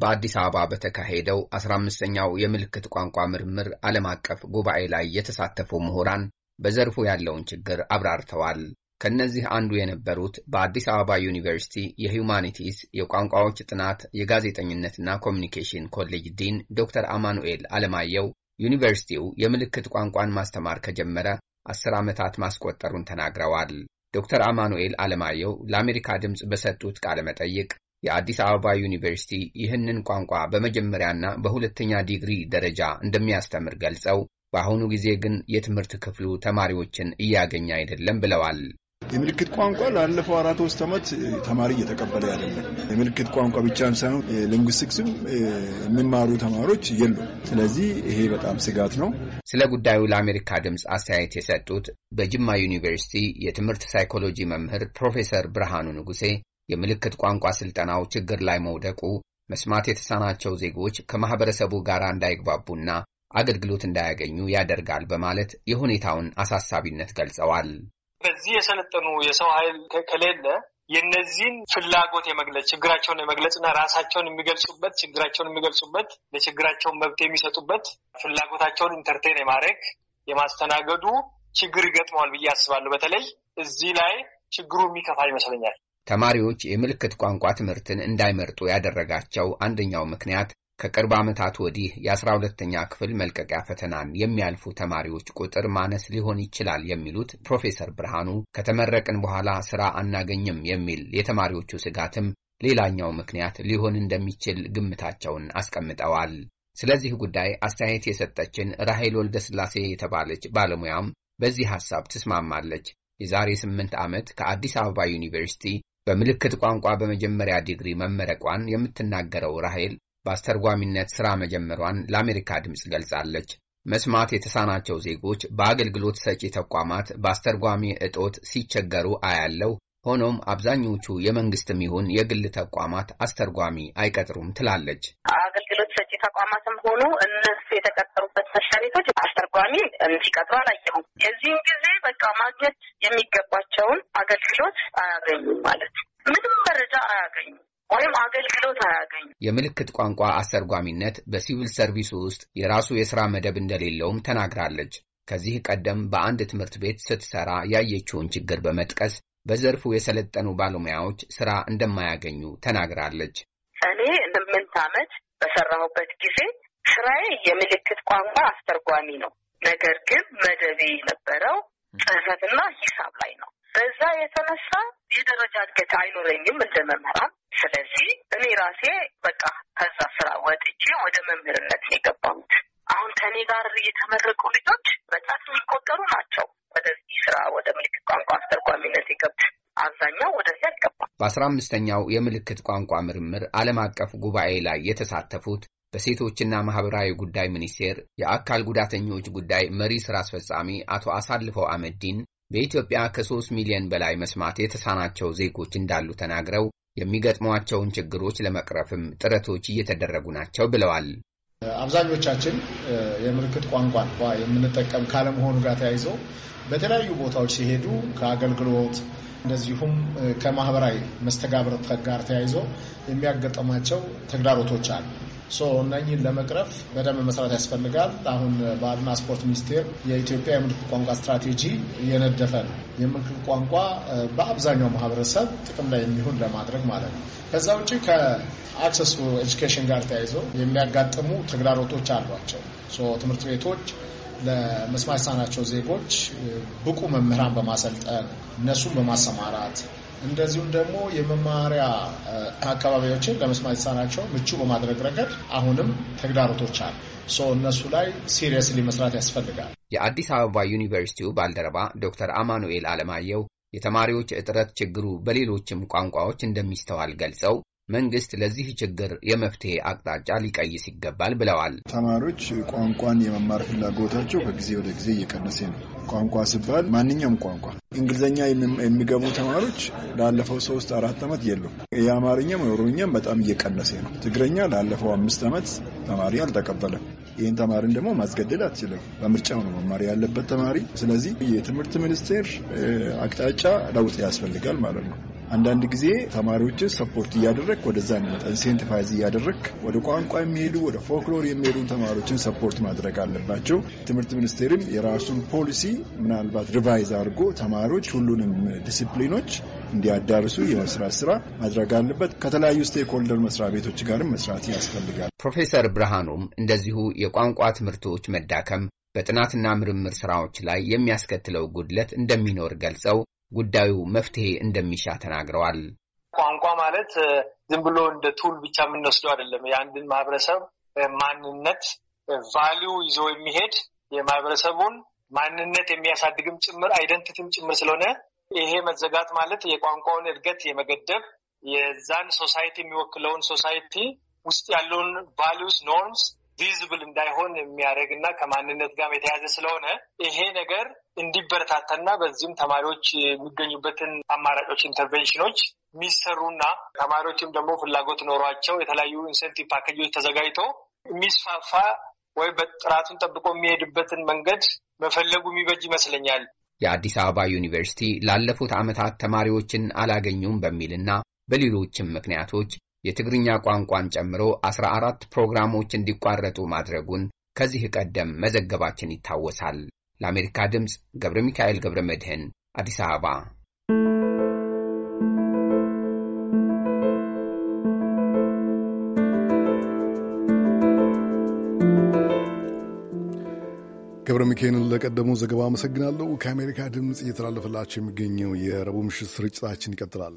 በአዲስ አበባ በተካሄደው 15ኛው የምልክት ቋንቋ ምርምር ዓለም አቀፍ ጉባኤ ላይ የተሳተፉ ምሁራን በዘርፉ ያለውን ችግር አብራርተዋል። ከእነዚህ አንዱ የነበሩት በአዲስ አበባ ዩኒቨርሲቲ የሂውማኒቲስ የቋንቋዎች ጥናት የጋዜጠኝነትና ኮሚኒኬሽን ኮሌጅ ዲን ዶክተር አማኑኤል አለማየሁ ዩኒቨርሲቲው የምልክት ቋንቋን ማስተማር ከጀመረ አስር ዓመታት ማስቆጠሩን ተናግረዋል። ዶክተር አማኑኤል አለማየሁ ለአሜሪካ ድምፅ በሰጡት ቃለ መጠይቅ የአዲስ አበባ ዩኒቨርሲቲ ይህንን ቋንቋ በመጀመሪያና በሁለተኛ ዲግሪ ደረጃ እንደሚያስተምር ገልጸው በአሁኑ ጊዜ ግን የትምህርት ክፍሉ ተማሪዎችን እያገኘ አይደለም ብለዋል። የምልክት ቋንቋ ላለፈው አራት ወስት ዓመት ተማሪ እየተቀበለ ያደለም። የምልክት ቋንቋ ብቻ ሳይሆን ሊንግስቲክስም የሚማሩ ተማሪዎች የሉ ስለዚህ ይሄ በጣም ስጋት ነው። ስለ ጉዳዩ ለአሜሪካ ድምፅ አስተያየት የሰጡት በጅማ ዩኒቨርሲቲ የትምህርት ሳይኮሎጂ መምህር ፕሮፌሰር ብርሃኑ ንጉሴ የምልክት ቋንቋ ስልጠናው ችግር ላይ መውደቁ መስማት የተሳናቸው ዜጎች ከማህበረሰቡ ጋር እንዳይግባቡና አገልግሎት እንዳያገኙ ያደርጋል በማለት የሁኔታውን አሳሳቢነት ገልጸዋል። በዚህ የሰለጠኑ የሰው ኃይል ከሌለ የነዚህን ፍላጎት የመግለጽ ችግራቸውን የመግለጽና ራሳቸውን የሚገልጹበት ችግራቸውን የሚገልጹበት ለችግራቸውን መብት የሚሰጡበት ፍላጎታቸውን ኢንተርቴን የማድረግ የማስተናገዱ ችግር ይገጥመዋል ብዬ አስባለሁ። በተለይ እዚህ ላይ ችግሩ የሚከፋ ይመስለኛል። ተማሪዎች የምልክት ቋንቋ ትምህርትን እንዳይመርጡ ያደረጋቸው አንደኛው ምክንያት ከቅርብ ዓመታት ወዲህ የአስራ ሁለተኛ ክፍል መልቀቂያ ፈተናን የሚያልፉ ተማሪዎች ቁጥር ማነስ ሊሆን ይችላል የሚሉት ፕሮፌሰር ብርሃኑ ከተመረቅን በኋላ ሥራ አናገኝም የሚል የተማሪዎቹ ስጋትም ሌላኛው ምክንያት ሊሆን እንደሚችል ግምታቸውን አስቀምጠዋል። ስለዚህ ጉዳይ አስተያየት የሰጠችን ራሄል ወልደስላሴ የተባለች ባለሙያም በዚህ ሐሳብ ትስማማለች። የዛሬ ስምንት ዓመት ከአዲስ አበባ ዩኒቨርሲቲ በምልክት ቋንቋ በመጀመሪያ ዲግሪ መመረቋን የምትናገረው ራሄል በአስተርጓሚነት ሥራ መጀመሯን ለአሜሪካ ድምፅ ገልጻለች። መስማት የተሳናቸው ዜጎች በአገልግሎት ሰጪ ተቋማት በአስተርጓሚ እጦት ሲቸገሩ አያለው። ሆኖም አብዛኞቹ የመንግስትም ይሁን የግል ተቋማት አስተርጓሚ አይቀጥሩም ትላለች። አገልግሎት ሰጪ ተቋማትም ሆኑ እነሱ የተቀጠሩበት መስሪያ ቤቶች አስተርጓሚ እንዲቀጥሩ አላየሁም። የዚህም ጊዜ በቃ ማግኘት የሚገባቸውን አገልግሎት አያገኙም ማለት ምንም መረጃ አያገኙም። ወይም አገልግሎት አያገኙ። የምልክት ቋንቋ አስተርጓሚነት በሲቪል ሰርቪስ ውስጥ የራሱ የስራ መደብ እንደሌለውም ተናግራለች። ከዚህ ቀደም በአንድ ትምህርት ቤት ስትሰራ ያየችውን ችግር በመጥቀስ በዘርፉ የሰለጠኑ ባለሙያዎች ስራ እንደማያገኙ ተናግራለች። እኔ ስምንት ዓመት በሰራሁበት ጊዜ ስራዬ የምልክት ቋንቋ አስተርጓሚ ነው። ነገር ግን መደቤ የነበረው ጽህፈትና ሂሳብ ላይ ነው። በዛ የተነሳ የደረጃ እድገት አይኖረኝም እንደ መምህራን። ስለዚህ እኔ ራሴ በቃ ከዛ ስራ ወጥቼ ወደ መምህርነት የገባሁት አሁን ከኔ ጋር የተመረቁ ልጆች በጣት የሚቆጠሩ ናቸው። ወደዚህ ስራ ወደ ምልክት ቋንቋ አስተርጓሚነት የገቡት አብዛኛው ወደዚያ አይገባም። በአስራ አምስተኛው የምልክት ቋንቋ ምርምር ዓለም አቀፍ ጉባኤ ላይ የተሳተፉት በሴቶችና ማህበራዊ ጉዳይ ሚኒስቴር የአካል ጉዳተኞች ጉዳይ መሪ ስራ አስፈጻሚ አቶ አሳልፈው አመዲን በኢትዮጵያ ከሶስት ሚሊዮን በላይ መስማት የተሳናቸው ዜጎች እንዳሉ ተናግረው የሚገጥሟቸውን ችግሮች ለመቅረፍም ጥረቶች እየተደረጉ ናቸው ብለዋል። አብዛኞቻችን የምልክት ቋንቋ እንኳ የምንጠቀም ካለመሆኑ ጋር ተያይዘው በተለያዩ ቦታዎች ሲሄዱ ከአገልግሎት እንደዚሁም ከማህበራዊ መስተጋብር ጋር ተያይዞ የሚያጋጥማቸው ተግዳሮቶች አሉ። እነኝህን ለመቅረፍ በደንብ መስራት ያስፈልጋል። አሁን ባህልና ስፖርት ሚኒስቴር የኢትዮጵያ የምልክት ቋንቋ ስትራቴጂ እየነደፈ ነው። የምልክት ቋንቋ በአብዛኛው ማህበረሰብ ጥቅም ላይ የሚሆን ለማድረግ ማለት ነው። ከዛ ውጭ ከአክሰስ ኤጁኬሽን ጋር ተያይዘው የሚያጋጥሙ ተግዳሮቶች አሏቸው። ትምህርት ቤቶች ለመስማት የተሳናቸው ዜጎች ብቁ መምህራን በማሰልጠን እነሱን በማሰማራት እንደዚሁም ደግሞ የመማሪያ አካባቢዎችን ለመስማት የተሳናቸው ምቹ በማድረግ ረገድ አሁንም ተግዳሮቶች አሉ። እነሱ ላይ ሲሪየስሊ መስራት ያስፈልጋል። የአዲስ አበባ ዩኒቨርሲቲው ባልደረባ ዶክተር አማኑኤል አለማየሁ የተማሪዎች እጥረት ችግሩ በሌሎችም ቋንቋዎች እንደሚስተዋል ገልጸው መንግስት ለዚህ ችግር የመፍትሄ አቅጣጫ ሊቀይስ ይገባል ብለዋል። ተማሪዎች ቋንቋን የመማር ፍላጎታቸው ከጊዜ ወደ ጊዜ እየቀነሰ ነው። ቋንቋ ሲባል ማንኛውም ቋንቋ እንግሊዝኛ የሚገቡ ተማሪዎች ላለፈው ሶስት አራት ዓመት የሉም። የአማርኛም የኦሮምኛም በጣም እየቀነሰ ነው። ትግረኛ ላለፈው አምስት ዓመት ተማሪ አልተቀበለም። ይህን ተማሪን ደግሞ ማስገደል አትችልም። በምርጫው ነው መማር ያለበት ተማሪ። ስለዚህ የትምህርት ሚኒስቴር አቅጣጫ ለውጥ ያስፈልጋል ማለት ነው። አንዳንድ ጊዜ ተማሪዎችን ሰፖርት እያደረግ ወደዛ እንመጣ ኢንሴንቲቫይዝ እያደረግ ወደ ቋንቋ የሚሄዱ ወደ ፎክሎር የሚሄዱን ተማሪዎችን ሰፖርት ማድረግ አለባቸው። ትምህርት ሚኒስቴርም የራሱን ፖሊሲ ምናልባት ሪቫይዝ አድርጎ ተማሪዎች ሁሉንም ዲስፕሊኖች እንዲያዳርሱ የመስራት ስራ ማድረግ አለበት። ከተለያዩ ስቴክሆልደር መስሪያ ቤቶች ጋርም መስራት ያስፈልጋል። ፕሮፌሰር ብርሃኑም እንደዚሁ የቋንቋ ትምህርቶች መዳከም በጥናትና ምርምር ስራዎች ላይ የሚያስከትለው ጉድለት እንደሚኖር ገልጸው ጉዳዩ መፍትሄ እንደሚሻ ተናግረዋል። ቋንቋ ማለት ዝም ብሎ እንደ ቱል ብቻ የምንወስደው አይደለም። የአንድን ማህበረሰብ ማንነት ቫሊዩ ይዞ የሚሄድ የማህበረሰቡን ማንነት የሚያሳድግም ጭምር አይደንቲቲም ጭምር ስለሆነ ይሄ መዘጋት ማለት የቋንቋውን እድገት የመገደብ የዛን ሶሳይቲ የሚወክለውን ሶሳይቲ ውስጥ ያለውን ቫሊዩስ ኖርምስ ቪዝብል እንዳይሆን የሚያደርግ እና ከማንነት ጋር የተያዘ ስለሆነ ይሄ ነገር እንዲበረታታና በዚህም ተማሪዎች የሚገኙበትን አማራጮች ኢንተርቬንሽኖች የሚሰሩና ተማሪዎችም ደግሞ ፍላጎት ኖሯቸው የተለያዩ ኢንሴንቲቭ ፓኬጆች ተዘጋጅቶ የሚስፋፋ ወይም በጥራቱን ጠብቆ የሚሄድበትን መንገድ መፈለጉ የሚበጅ ይመስለኛል። የአዲስ አበባ ዩኒቨርሲቲ ላለፉት ዓመታት ተማሪዎችን አላገኙም በሚልና በሌሎችም ምክንያቶች የትግርኛ ቋንቋን ጨምሮ 14 ፕሮግራሞች እንዲቋረጡ ማድረጉን ከዚህ ቀደም መዘገባችን ይታወሳል። ለአሜሪካ ድምፅ ገብረ ሚካኤል ገብረ መድህን አዲስ አበባ። ገብረ ሚካኤልን ለቀደመው ዘገባ አመሰግናለሁ። ከአሜሪካ ድምፅ እየተላለፈላቸው የሚገኘው የረቡዕ ምሽት ስርጭታችን ይቀጥላል።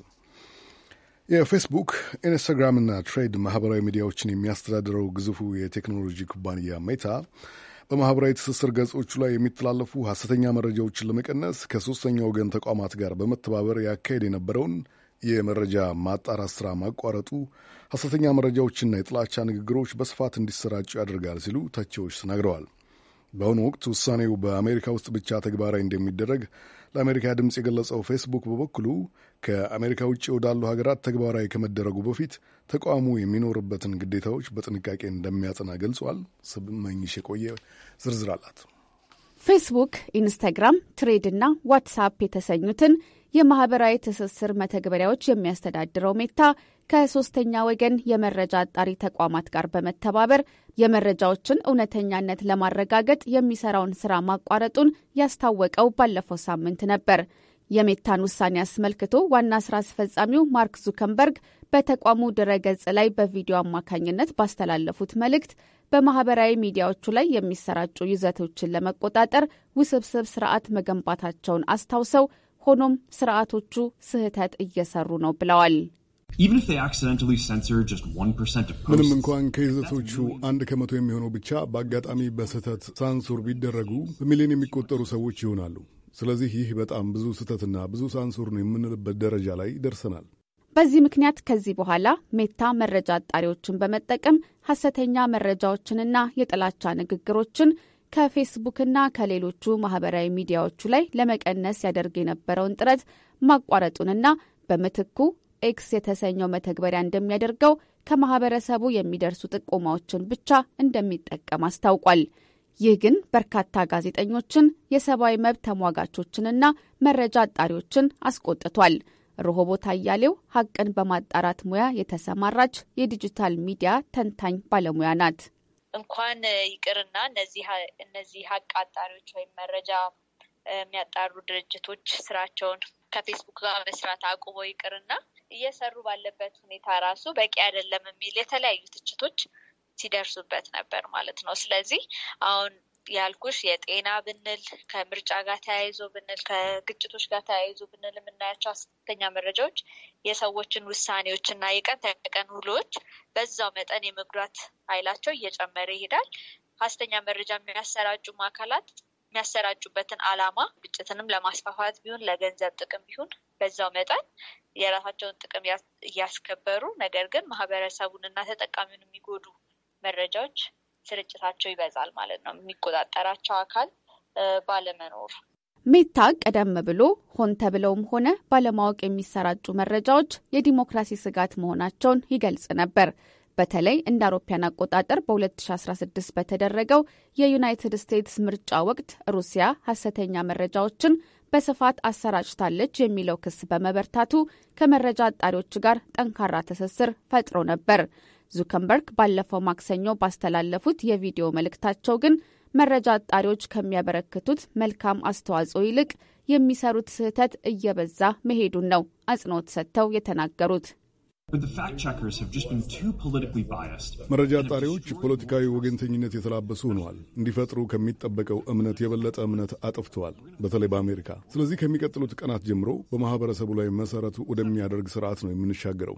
የፌስቡክ ኢንስታግራም እና ትሬድ ማህበራዊ ሚዲያዎችን የሚያስተዳድረው ግዙፉ የቴክኖሎጂ ኩባንያ ሜታ በማህበራዊ ትስስር ገጾቹ ላይ የሚተላለፉ ሐሰተኛ መረጃዎችን ለመቀነስ ከሦስተኛ ወገን ተቋማት ጋር በመተባበር ያካሄድ የነበረውን የመረጃ ማጣራት ሥራ ማቋረጡ ሐሰተኛ መረጃዎችና የጥላቻ ንግግሮች በስፋት እንዲሰራጩ ያደርጋል ሲሉ ተቺዎች ተናግረዋል። በአሁኑ ወቅት ውሳኔው በአሜሪካ ውስጥ ብቻ ተግባራዊ እንደሚደረግ ለአሜሪካ ድምፅ የገለጸው ፌስቡክ በበኩሉ ከአሜሪካ ውጭ ወዳሉ ሀገራት ተግባራዊ ከመደረጉ በፊት ተቋሙ የሚኖርበትን ግዴታዎች በጥንቃቄ እንደሚያጸና ገልጿል። ስመኝሽ የቆየ ዝርዝር አላት። ፌስቡክ፣ ኢንስታግራም፣ ትሬድ እና ዋትሳፕ የተሰኙትን የማህበራዊ ትስስር መተግበሪያዎች የሚያስተዳድረው ሜታ ከሶስተኛ ወገን የመረጃ አጣሪ ተቋማት ጋር በመተባበር የመረጃዎችን እውነተኛነት ለማረጋገጥ የሚሰራውን ስራ ማቋረጡን ያስታወቀው ባለፈው ሳምንት ነበር። የሜታን ውሳኔ አስመልክቶ ዋና ስራ አስፈጻሚው ማርክ ዙከንበርግ በተቋሙ ድረገጽ ላይ በቪዲዮ አማካኝነት ባስተላለፉት መልእክት በማህበራዊ ሚዲያዎቹ ላይ የሚሰራጩ ይዘቶችን ለመቆጣጠር ውስብስብ ስርዓት መገንባታቸውን አስታውሰው ሆኖም ስርዓቶቹ ስህተት እየሰሩ ነው ብለዋል። ምንም እንኳን ከይዘቶቹ አንድ ከመቶ የሚሆነው ብቻ በአጋጣሚ በስህተት ሳንሱር ቢደረጉ በሚሊዮን የሚቆጠሩ ሰዎች ይሆናሉ። ስለዚህ ይህ በጣም ብዙ ስህተትና ብዙ ሳንሱር ነው የምንልበት ደረጃ ላይ ደርሰናል። በዚህ ምክንያት ከዚህ በኋላ ሜታ መረጃ አጣሪዎችን በመጠቀም ሐሰተኛ መረጃዎችንና የጥላቻ ንግግሮችን ከፌስቡክና ከሌሎቹ ማህበራዊ ሚዲያዎቹ ላይ ለመቀነስ ያደርግ የነበረውን ጥረት ማቋረጡንና በምትኩ ኤክስ የተሰኘው መተግበሪያ እንደሚያደርገው ከማህበረሰቡ የሚደርሱ ጥቆማዎችን ብቻ እንደሚጠቀም አስታውቋል። ይህ ግን በርካታ ጋዜጠኞችን፣ የሰብአዊ መብት ተሟጋቾችንና መረጃ አጣሪዎችን አስቆጥቷል። ሮሆቦት አያሌው ሀቅን በማጣራት ሙያ የተሰማራች የዲጂታል ሚዲያ ተንታኝ ባለሙያ ናት። እንኳን ይቅርና እነዚህ ሀቅ አጣሪዎች ወይም መረጃ የሚያጣሩ ድርጅቶች ስራቸውን ከፌስቡክ ጋር መስራት አቁሞ ይቅርና እየሰሩ ባለበት ሁኔታ ራሱ በቂ አይደለም የሚል የተለያዩ ትችቶች ሲደርሱበት ነበር ማለት ነው። ስለዚህ አሁን ያልኩሽ የጤና ብንል ከምርጫ ጋር ተያይዞ ብንል ከግጭቶች ጋር ተያይዞ ብንል የምናያቸው አስተኛ መረጃዎች የሰዎችን ውሳኔዎች እና የቀን ተቀን ውሎዎች በዛው መጠን የመጉዳት ኃይላቸው እየጨመረ ይሄዳል። አስተኛ መረጃ የሚያሰራጩም አካላት የሚያሰራጩበትን ዓላማ ግጭትንም ለማስፋፋት ቢሆን ለገንዘብ ጥቅም ቢሆን በዛው መጠን የራሳቸውን ጥቅም እያስከበሩ ነገር ግን ማህበረሰቡን እና ተጠቃሚውን የሚጎዱ መረጃዎች ስርጭታቸው ይበዛል ማለት ነው። የሚቆጣጠራቸው አካል ባለመኖር ሜታ ቀደም ብሎ ሆን ተብለውም ሆነ ባለማወቅ የሚሰራጩ መረጃዎች የዲሞክራሲ ስጋት መሆናቸውን ይገልጽ ነበር። በተለይ እንደ አውሮፓያን አቆጣጠር በ2016 በተደረገው የዩናይትድ ስቴትስ ምርጫ ወቅት ሩሲያ ሀሰተኛ መረጃዎችን በስፋት አሰራጭታለች የሚለው ክስ በመበርታቱ ከመረጃ አጣሪዎች ጋር ጠንካራ ትስስር ፈጥሮ ነበር። ዙከንበርግ ባለፈው ማክሰኞ ባስተላለፉት የቪዲዮ መልእክታቸው ግን መረጃ አጣሪዎች ከሚያበረክቱት መልካም አስተዋጽኦ ይልቅ የሚሰሩት ስህተት እየበዛ መሄዱን ነው አጽንኦት ሰጥተው የተናገሩት። መረጃ አጣሪዎች ፖለቲካዊ ወገንተኝነት የተላበሱ ሆነዋል። እንዲፈጥሩ ከሚጠበቀው እምነት የበለጠ እምነት አጥፍተዋል፣ በተለይ በአሜሪካ። ስለዚህ ከሚቀጥሉት ቀናት ጀምሮ በማህበረሰቡ ላይ መሰረቱ ወደሚያደርግ ስርዓት ነው የምንሻገረው።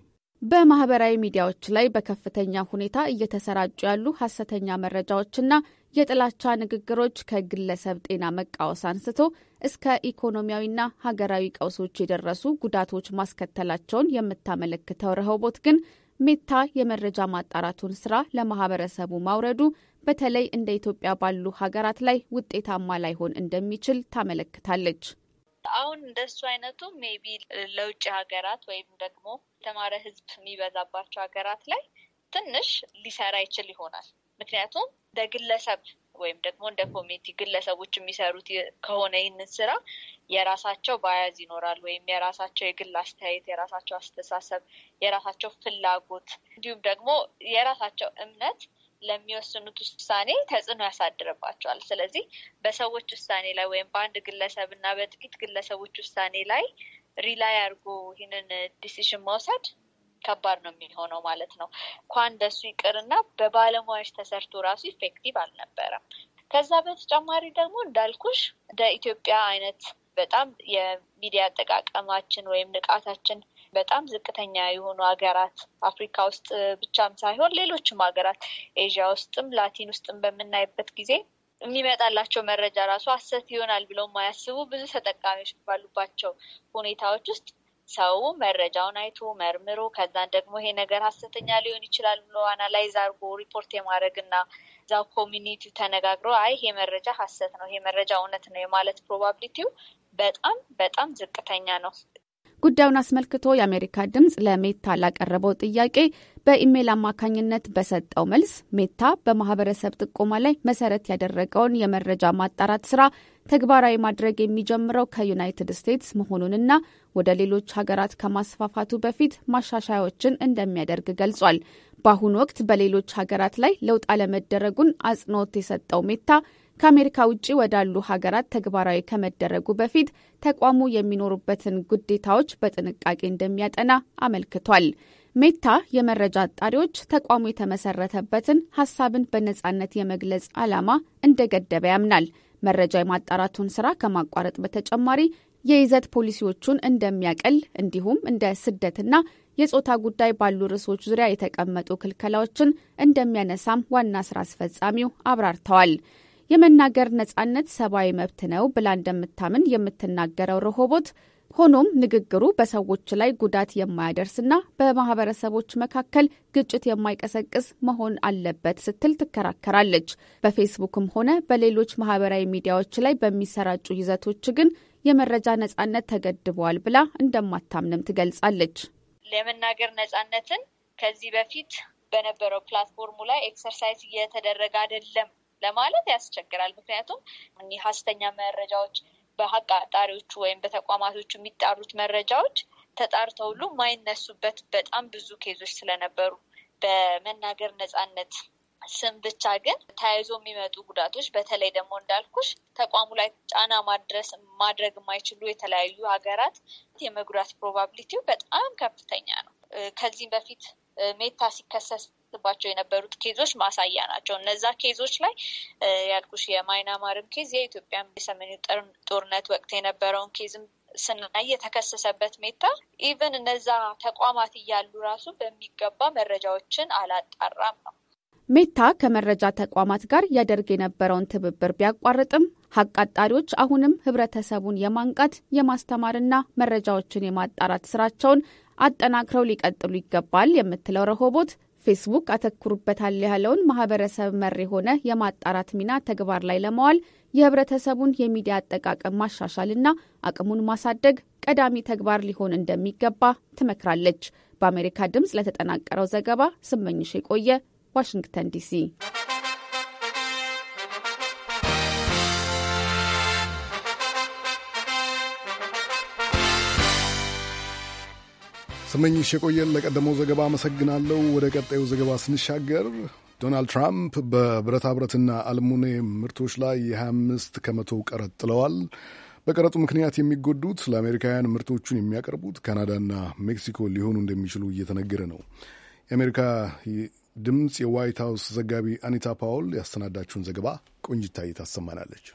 በማህበራዊ ሚዲያዎች ላይ በከፍተኛ ሁኔታ እየተሰራጩ ያሉ ሀሰተኛ መረጃዎችና የጥላቻ ንግግሮች ከግለሰብ ጤና መቃወስ አንስቶ እስከ ኢኮኖሚያዊና ሀገራዊ ቀውሶች የደረሱ ጉዳቶች ማስከተላቸውን የምታመለክተው ረህቦት ግን ሜታ የመረጃ ማጣራቱን ስራ ለማህበረሰቡ ማውረዱ በተለይ እንደ ኢትዮጵያ ባሉ ሀገራት ላይ ውጤታማ ላይሆን እንደሚችል ታመለክታለች። አሁን እንደሱ አይነቱ ሜቢ ለውጭ ሀገራት ወይም ደግሞ የተማረ ህዝብ የሚበዛባቸው ሀገራት ላይ ትንሽ ሊሰራ ይችል ይሆናል። ምክንያቱም እንደ ግለሰብ ወይም ደግሞ እንደ ኮሚኒቲ ግለሰቦች የሚሰሩት ከሆነ ይህንን ስራ የራሳቸው ባያዝ ይኖራል፣ ወይም የራሳቸው የግል አስተያየት፣ የራሳቸው አስተሳሰብ፣ የራሳቸው ፍላጎት እንዲሁም ደግሞ የራሳቸው እምነት ለሚወስኑት ውሳኔ ተጽዕኖ ያሳድርባቸዋል። ስለዚህ በሰዎች ውሳኔ ላይ ወይም በአንድ ግለሰብ እና በጥቂት ግለሰቦች ውሳኔ ላይ ሪላይ አድርጎ ይህንን ዲሲዥን መውሰድ ከባድ ነው የሚሆነው ማለት ነው። እንኳን ደሱ ይቅርና በባለሙያዎች ተሰርቶ ራሱ ኢፌክቲቭ አልነበረም። ከዛ በተጨማሪ ደግሞ እንዳልኩሽ እንደ ኢትዮጵያ አይነት በጣም የሚዲያ አጠቃቀማችን ወይም ንቃታችን በጣም ዝቅተኛ የሆኑ ሀገራት አፍሪካ ውስጥ ብቻም ሳይሆን ሌሎችም ሀገራት ኤዥያ ውስጥም ላቲን ውስጥም በምናይበት ጊዜ የሚመጣላቸው መረጃ ራሱ አሰት ይሆናል ብለው የማያስቡ ብዙ ተጠቃሚዎች ባሉባቸው ሁኔታዎች ውስጥ ሰው መረጃውን አይቶ መርምሮ ከዛን ደግሞ ይሄ ነገር ሀሰተኛ ሊሆን ይችላል ብሎ አናላይዝ አርጎ ሪፖርት የማድረግ እና እዛው ኮሚኒቲ ተነጋግሮ አይ ይሄ መረጃ ሀሰት ነው፣ ይሄ መረጃ እውነት ነው የማለት ፕሮባብሊቲው በጣም በጣም ዝቅተኛ ነው። ጉዳዩን አስመልክቶ የአሜሪካ ድምፅ ለሜታ ላቀረበው ጥያቄ በኢሜይል አማካኝነት በሰጠው መልስ ሜታ በማህበረሰብ ጥቆማ ላይ መሰረት ያደረገውን የመረጃ ማጣራት ስራ ተግባራዊ ማድረግ የሚጀምረው ከዩናይትድ ስቴትስ መሆኑንና ወደ ሌሎች ሀገራት ከማስፋፋቱ በፊት ማሻሻያዎችን እንደሚያደርግ ገልጿል። በአሁኑ ወቅት በሌሎች ሀገራት ላይ ለውጥ አለመደረጉን አጽንኦት የሰጠው ሜታ ከአሜሪካ ውጭ ወዳሉ ሀገራት ተግባራዊ ከመደረጉ በፊት ተቋሙ የሚኖሩበትን ግዴታዎች በጥንቃቄ እንደሚያጠና አመልክቷል። ሜታ የመረጃ አጣሪዎች ተቋሙ የተመሰረተበትን ሀሳብን በነጻነት የመግለጽ ዓላማ እንደገደበ ያምናል። መረጃ የማጣራቱን ስራ ከማቋረጥ በተጨማሪ የይዘት ፖሊሲዎቹን እንደሚያቀል እንዲሁም እንደ ስደትና የጾታ ጉዳይ ባሉ ርዕሶች ዙሪያ የተቀመጡ ክልከላዎችን እንደሚያነሳም ዋና ስራ አስፈጻሚው አብራርተዋል። የመናገር ነጻነት ሰብአዊ መብት ነው ብላ እንደምታምን የምትናገረው ሮሆቦት ሆኖም ንግግሩ በሰዎች ላይ ጉዳት የማያደርስና በማህበረሰቦች መካከል ግጭት የማይቀሰቅስ መሆን አለበት ስትል ትከራከራለች። በፌስቡክም ሆነ በሌሎች ማህበራዊ ሚዲያዎች ላይ በሚሰራጩ ይዘቶች ግን የመረጃ ነጻነት ተገድበዋል ብላ እንደማታምንም ትገልጻለች። ለመናገር ነጻነትን ከዚህ በፊት በነበረው ፕላትፎርሙ ላይ ኤክሰርሳይዝ እየተደረገ አይደለም ለማለት ያስቸግራል። ምክንያቱም ሀሰተኛ መረጃዎች በሀቅ አጣሪዎቹ ወይም በተቋማቶቹ የሚጣሩት መረጃዎች ተጣርተው ሁሉ በጣም ብዙ ኬዞች ስለነበሩ በመናገር ነጻነት ስም ብቻ ግን ተያይዞ የሚመጡ ጉዳቶች በተለይ ደግሞ እንዳልኩሽ ተቋሙ ላይ ጫና ማድረስ ማድረግ የማይችሉ የተለያዩ ሀገራት የመጉዳት ፕሮባብሊቲው በጣም ከፍተኛ ነው። ከዚህም በፊት ሜታ ሲከሰስባቸው የነበሩት ኬዞች ማሳያ ናቸው። እነዛ ኬዞች ላይ ያልኩሽ የማይናማርም ኬዝ የኢትዮጵያ የሰሜኑ ጦርነት ወቅት የነበረውን ኬዝም ስናይ የተከሰሰበት ሜታ ኢቨን እነዛ ተቋማት እያሉ ራሱ በሚገባ መረጃዎችን አላጣራም ነው። ሜታ ከመረጃ ተቋማት ጋር ያደርግ የነበረውን ትብብር ቢያቋርጥም ሀቅ አጣሪዎች አሁንም ህብረተሰቡን የማንቃት የማስተማርና መረጃዎችን የማጣራት ስራቸውን አጠናክረው ሊቀጥሉ ይገባል የምትለው ረሆቦት ፌስቡክ አተኩሩበታል ያለውን ማህበረሰብ መር የሆነ የማጣራት ሚና ተግባር ላይ ለማዋል የህብረተሰቡን የሚዲያ አጠቃቀም ማሻሻልና አቅሙን ማሳደግ ቀዳሚ ተግባር ሊሆን እንደሚገባ ትመክራለች። በአሜሪካ ድምፅ ለተጠናቀረው ዘገባ ስመኝሽ የቆየ ዋሽንግተን ዲሲ። ስመኝሽ የቆየን ለቀደመው ዘገባ አመሰግናለሁ። ወደ ቀጣዩ ዘገባ ስንሻገር ዶናልድ ትራምፕ በብረታ ብረትና አልሙኒየም ምርቶች ላይ የ25 ከመቶ ቀረጥ ጥለዋል። በቀረጡ ምክንያት የሚጎዱት ለአሜሪካውያን ምርቶቹን የሚያቀርቡት ካናዳና ሜክሲኮ ሊሆኑ እንደሚችሉ እየተነገረ ነው። የአሜሪካ ድምፅ የዋይት ሀውስ ዘጋቢ አኒታ ፓውል ያሰናዳችውን ዘገባ ቆንጅታዬ ታሰማናለች።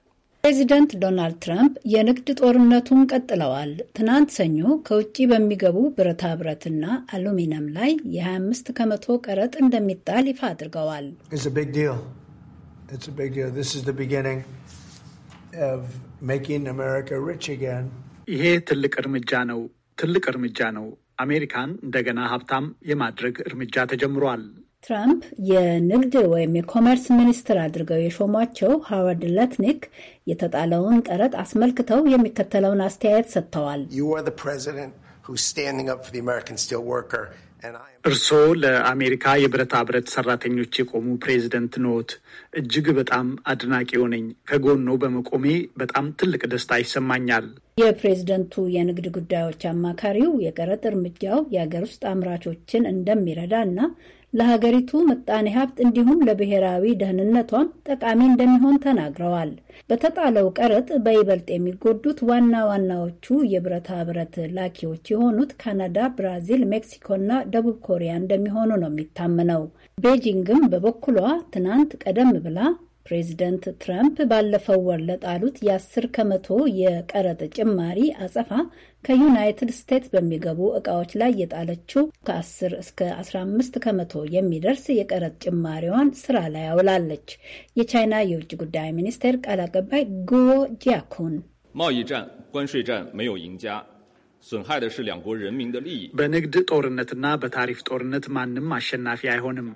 ፕሬዚደንት ዶናልድ ትራምፕ የንግድ ጦርነቱን ቀጥለዋል። ትናንት ሰኞ ከውጭ በሚገቡ ብረታ ብረትና አሉሚኒየም ላይ የ25 ከመቶ ቀረጥ እንደሚጣል ይፋ አድርገዋል። ይሄ ትልቅ እርምጃ ነው። ትልቅ እርምጃ ነው። አሜሪካን እንደገና ሀብታም የማድረግ እርምጃ ተጀምሯል። ትራምፕ የንግድ ወይም የኮመርስ ሚኒስትር አድርገው የሾሟቸው ሃዋርድ ለትኒክ የተጣለውን ቀረጥ አስመልክተው የሚከተለውን አስተያየት ሰጥተዋል። እርስዎ ለአሜሪካ የብረታ ብረት ሰራተኞች የቆሙ ፕሬዚደንት ኖት። እጅግ በጣም አድናቂው ነኝ። ከጎኖ በመቆሜ በጣም ትልቅ ደስታ ይሰማኛል። የፕሬዝደንቱ የንግድ ጉዳዮች አማካሪው የቀረጥ እርምጃው የአገር ውስጥ አምራቾችን እንደሚረዳ እና ለሀገሪቱ ምጣኔ ሀብት እንዲሁም ለብሔራዊ ደህንነቷም ጠቃሚ እንደሚሆን ተናግረዋል። በተጣለው ቀረጥ በይበልጥ የሚጎዱት ዋና ዋናዎቹ የብረታ ብረት ላኪዎች የሆኑት ካናዳ፣ ብራዚል፣ ሜክሲኮና ደቡብ ኮሪያ እንደሚሆኑ ነው የሚታመነው። ቤጂንግም በበኩሏ ትናንት ቀደም ብላ ፕሬዚደንት ትራምፕ ባለፈው ወር ለጣሉት የአስር ከመቶ የቀረጥ ጭማሪ አጸፋ ከዩናይትድ ስቴትስ በሚገቡ እቃዎች ላይ የጣለችው ከ10 እስከ 15 ከመቶ የሚደርስ የቀረጥ ጭማሪዋን ስራ ላይ አውላለች። የቻይና የውጭ ጉዳይ ሚኒስቴር ቃል አቀባይ ጉዎ ጂያኩን በንግድ ጦርነትና በታሪፍ ጦርነት ማንም አሸናፊ አይሆንም።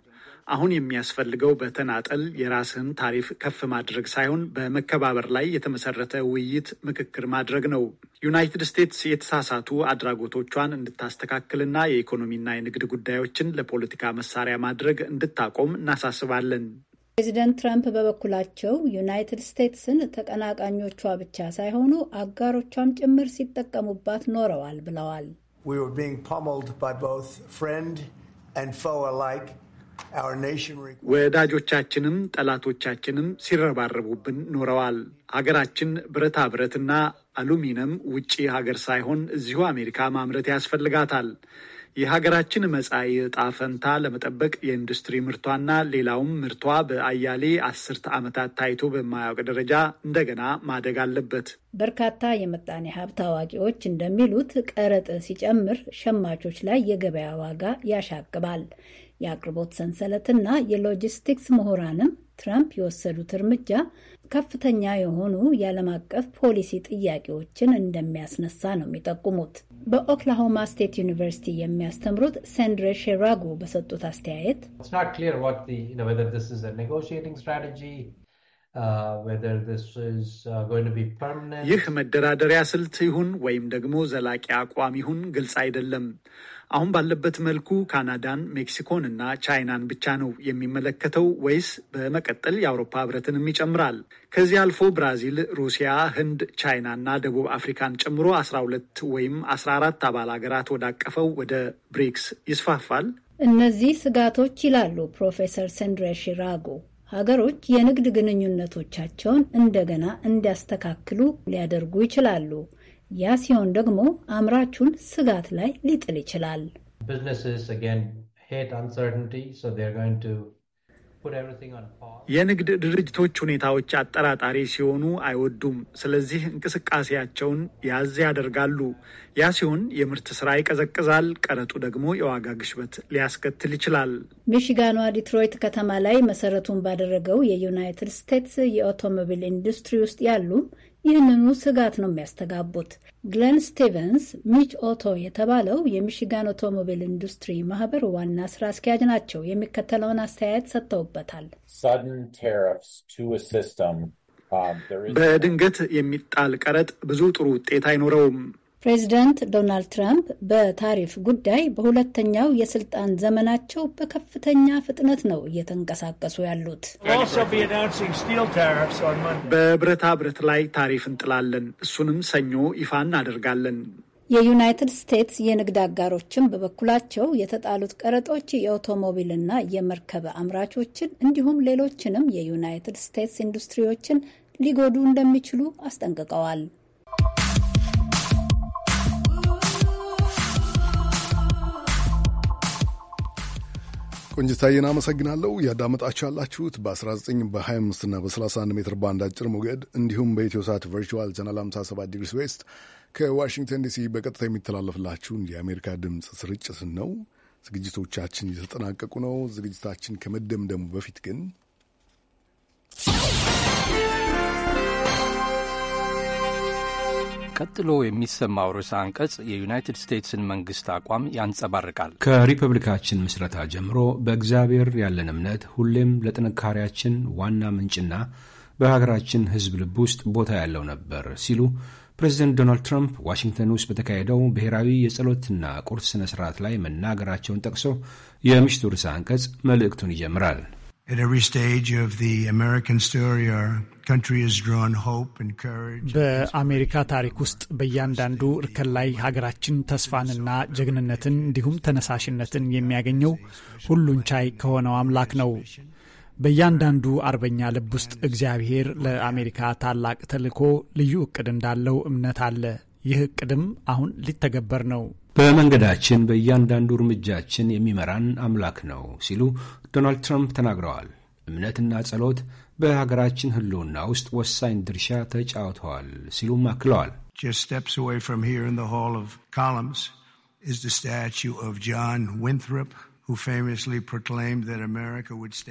አሁን የሚያስፈልገው በተናጠል የራስህን ታሪፍ ከፍ ማድረግ ሳይሆን በመከባበር ላይ የተመሰረተ ውይይት፣ ምክክር ማድረግ ነው። ዩናይትድ ስቴትስ የተሳሳቱ አድራጎቶቿን እንድታስተካክልና የኢኮኖሚና የንግድ ጉዳዮችን ለፖለቲካ መሳሪያ ማድረግ እንድታቆም እናሳስባለን። ፕሬዚደንት ትራምፕ በበኩላቸው ዩናይትድ ስቴትስን ተቀናቃኞቿ ብቻ ሳይሆኑ አጋሮቿም ጭምር ሲጠቀሙባት ኖረዋል ብለዋል። ወዳጆቻችንም ጠላቶቻችንም ሲረባረቡብን ኖረዋል። ሀገራችን ብረታ ብረትና አሉሚኒየም ውጪ ሀገር ሳይሆን እዚሁ አሜሪካ ማምረት ያስፈልጋታል። የሀገራችን መጻኢ ዕጣ ፈንታ ለመጠበቅ የኢንዱስትሪ ምርቷና ሌላውም ምርቷ በአያሌ አስርተ ዓመታት ታይቶ በማያውቅ ደረጃ እንደገና ማደግ አለበት። በርካታ የምጣኔ ሀብት አዋቂዎች እንደሚሉት ቀረጥ ሲጨምር ሸማቾች ላይ የገበያ ዋጋ ያሻቅባል። የአቅርቦት ሰንሰለትና የሎጂስቲክስ ምሁራንም ትራምፕ የወሰዱት እርምጃ ከፍተኛ የሆኑ የዓለም አቀፍ ፖሊሲ ጥያቄዎችን እንደሚያስነሳ ነው የሚጠቁሙት። በኦክላሆማ ስቴት ዩኒቨርሲቲ የሚያስተምሩት ሰንድሬ ሼራጎ በሰጡት አስተያየት uh, uh, ይህ መደራደሪያ ስልት ይሁን ወይም ደግሞ ዘላቂ አቋም ይሁን ግልጽ አይደለም። አሁን ባለበት መልኩ ካናዳን፣ ሜክሲኮን እና ቻይናን ብቻ ነው የሚመለከተው ወይስ በመቀጠል የአውሮፓ ህብረትንም ይጨምራል? ከዚህ አልፎ ብራዚል፣ ሩሲያ፣ ህንድ፣ ቻይና እና ደቡብ አፍሪካን ጨምሮ 12 ወይም 14 አባል ሀገራት ወዳቀፈው ወደ ብሪክስ ይስፋፋል? እነዚህ ስጋቶች ይላሉ ፕሮፌሰር ሰንድሬ ሺራጎ ሀገሮች የንግድ ግንኙነቶቻቸውን እንደገና እንዲያስተካክሉ ሊያደርጉ ይችላሉ። ያ ሲሆን ደግሞ አምራቹን ስጋት ላይ ሊጥል ይችላል። የንግድ ድርጅቶች ሁኔታዎች አጠራጣሪ ሲሆኑ አይወዱም። ስለዚህ እንቅስቃሴያቸውን ያዝ ያደርጋሉ። ያ ሲሆን የምርት ስራ ይቀዘቅዛል። ቀረጡ ደግሞ የዋጋ ግሽበት ሊያስከትል ይችላል። ሚሽጋኗ ዲትሮይት ከተማ ላይ መሰረቱን ባደረገው የዩናይትድ ስቴትስ የኦቶሞቢል ኢንዱስትሪ ውስጥ ያሉም ይህንኑ ስጋት ነው የሚያስተጋቡት። ግለን ስቲቨንስ ሚች ኦቶ የተባለው የሚሽጋን ኦቶሞቢል ኢንዱስትሪ ማህበር ዋና ስራ አስኪያጅ ናቸው። የሚከተለውን አስተያየት ሰጥተውበታል። um, በድንገት የሚጣል ቀረጥ ብዙ ጥሩ ውጤት አይኖረውም። ፕሬዚደንት ዶናልድ ትራምፕ በታሪፍ ጉዳይ በሁለተኛው የስልጣን ዘመናቸው በከፍተኛ ፍጥነት ነው እየተንቀሳቀሱ ያሉት። በብረታ ብረት ላይ ታሪፍ እንጥላለን፣ እሱንም ሰኞ ይፋ እናደርጋለን። የዩናይትድ ስቴትስ የንግድ አጋሮችም በበኩላቸው የተጣሉት ቀረጦች የአውቶሞቢልና የመርከብ አምራቾችን እንዲሁም ሌሎችንም የዩናይትድ ስቴትስ ኢንዱስትሪዎችን ሊጎዱ እንደሚችሉ አስጠንቅቀዋል። ቆንጅታዬን አመሰግናለሁ። እያዳመጣችሁ ያላችሁት በ19 በ25 እና በ31 ሜትር ባንድ አጭር ሞገድ እንዲሁም በኢትዮ ሳት ቨርቹዋል ቻናል 57 ዲግሪስ ዌስት ከዋሽንግተን ዲሲ በቀጥታ የሚተላለፍላችሁን የአሜሪካ ድምፅ ስርጭት ነው። ዝግጅቶቻችን እየተጠናቀቁ ነው። ዝግጅታችን ከመደምደሙ በፊት ግን ቀጥሎ የሚሰማው ርዕሰ አንቀጽ የዩናይትድ ስቴትስን መንግስት አቋም ያንጸባርቃል። ከሪፐብሊካችን ምስረታ ጀምሮ በእግዚአብሔር ያለን እምነት ሁሌም ለጥንካሬያችን ዋና ምንጭና በሀገራችን ሕዝብ ልብ ውስጥ ቦታ ያለው ነበር ሲሉ ፕሬዚደንት ዶናልድ ትራምፕ ዋሽንግተን ውስጥ በተካሄደው ብሔራዊ የጸሎትና ቁርስ ስነስርዓት ላይ መናገራቸውን ጠቅሶ የምሽቱ ርዕሰ አንቀጽ መልእክቱን ይጀምራል። በአሜሪካ ታሪክ ውስጥ በእያንዳንዱ እርከን ላይ ሀገራችን ተስፋንና ጀግንነትን እንዲሁም ተነሳሽነትን የሚያገኘው ሁሉን ቻይ ከሆነው አምላክ ነው። በእያንዳንዱ አርበኛ ልብ ውስጥ እግዚአብሔር ለአሜሪካ ታላቅ ተልዕኮ ልዩ እቅድ እንዳለው እምነት አለ። ይህ እቅድም አሁን ሊተገበር ነው። በመንገዳችን በእያንዳንዱ እርምጃችን የሚመራን አምላክ ነው ሲሉ ዶናልድ ትራምፕ ተናግረዋል። እምነትና ጸሎት በሀገራችን ሕልውና ውስጥ ወሳኝ ድርሻ ተጫውተዋል ሲሉም አክለዋል። ጆን ዊንትሮፕ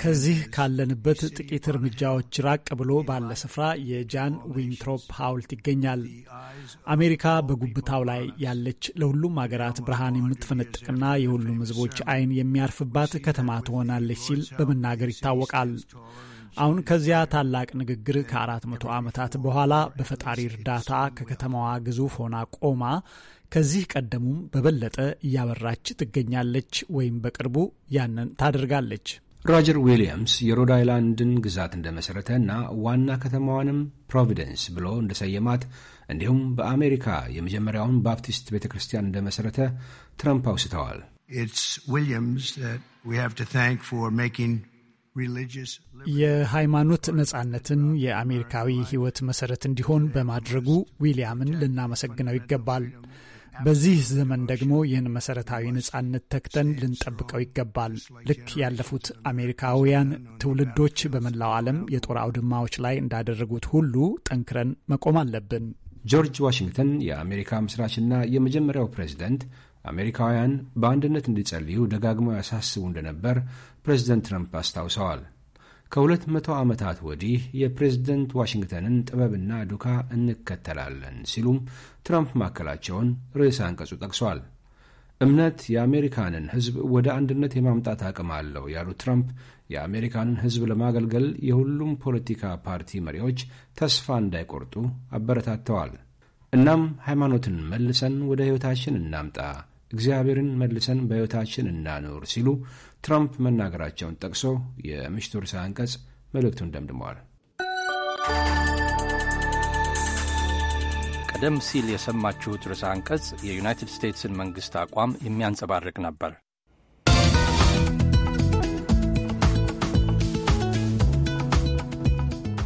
ከዚህ ካለንበት ጥቂት እርምጃዎች ራቅ ብሎ ባለ ስፍራ የጃን ዊንትሮፕ ሐውልት ይገኛል። አሜሪካ በጉብታው ላይ ያለች ለሁሉም ሀገራት ብርሃን የምትፈነጥቅና የሁሉም ሕዝቦች ዓይን የሚያርፍባት ከተማ ትሆናለች ሲል በመናገር ይታወቃል። አሁን ከዚያ ታላቅ ንግግር ከአራት መቶ ዓመታት በኋላ በፈጣሪ እርዳታ ከከተማዋ ግዙፍ ሆና ቆማ ከዚህ ቀደሙም በበለጠ እያበራች ትገኛለች ወይም በቅርቡ ያንን ታደርጋለች። ሮጀር ዊሊያምስ የሮድ አይላንድን ግዛት እንደመሠረተ እና ዋና ከተማዋንም ፕሮቪደንስ ብሎ እንደሰየማት እንዲሁም በአሜሪካ የመጀመሪያውን ባፕቲስት ቤተ ክርስቲያን እንደመሠረተ ትረምፕ አውስተዋል። የሃይማኖት ነጻነትን የአሜሪካዊ ሕይወት መሰረት እንዲሆን በማድረጉ ዊሊያምን ልናመሰግነው ይገባል። በዚህ ዘመን ደግሞ ይህን መሰረታዊ ነጻነት ተክተን ልንጠብቀው ይገባል። ልክ ያለፉት አሜሪካውያን ትውልዶች በመላው ዓለም የጦር አውድማዎች ላይ እንዳደረጉት ሁሉ ጠንክረን መቆም አለብን። ጆርጅ ዋሽንግተን የአሜሪካ ምስራችና የመጀመሪያው ፕሬዚደንት አሜሪካውያን በአንድነት እንዲጸልዩ ደጋግመው ያሳስቡ እንደነበር ፕሬዝደንት ትረምፕ አስታውሰዋል። ከሁለት መቶ ዓመታት ወዲህ የፕሬዝደንት ዋሽንግተንን ጥበብና ዱካ እንከተላለን ሲሉም ትራምፕ ማከላቸውን ርዕሰ አንቀጹ ጠቅሷል። እምነት የአሜሪካንን ሕዝብ ወደ አንድነት የማምጣት አቅም አለው ያሉት ትራምፕ የአሜሪካንን ሕዝብ ለማገልገል የሁሉም ፖለቲካ ፓርቲ መሪዎች ተስፋ እንዳይቆርጡ አበረታተዋል። እናም ሃይማኖትን መልሰን ወደ ሕይወታችን እናምጣ እግዚአብሔርን መልሰን በሕይወታችን እናኖር ሲሉ ትራምፕ መናገራቸውን ጠቅሶ የምሽቱ ርዕሰ አንቀጽ መልእክቱን ደምድመዋል። ቀደም ሲል የሰማችሁት ርዕሰ አንቀጽ የዩናይትድ ስቴትስን መንግሥት አቋም የሚያንጸባርቅ ነበር።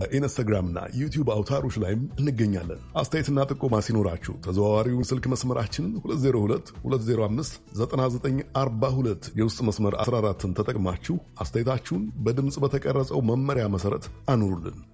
በኢንስታግራምና ዩቲዩብ አውታሮች ላይም እንገኛለን። አስተያየትና ጥቆማ ሲኖራችሁ ተዘዋዋሪውን ስልክ መስመራችን 2022059942 የውስጥ መስመር 14ን ተጠቅማችሁ አስተያየታችሁን በድምፅ በተቀረጸው መመሪያ መሰረት አኑሩልን።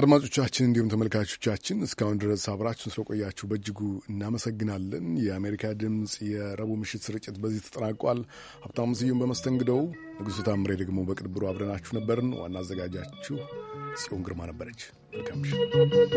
አድማጮቻችን እንዲሁም ተመልካቾቻችን እስካሁን ድረስ አብራችሁን ስለቆያችሁ በእጅጉ እናመሰግናለን። የአሜሪካ ድምፅ የረቡዕ ምሽት ስርጭት በዚህ ተጠናቋል። ሀብታሙ ስዩም በመስተንግደው፣ ንጉሥ ታምሬ ደግሞ በቅንብሩ አብረናችሁ ነበርን። ዋና አዘጋጃችሁ ጽዮን ግርማ ነበረች። መልካም ምሽት።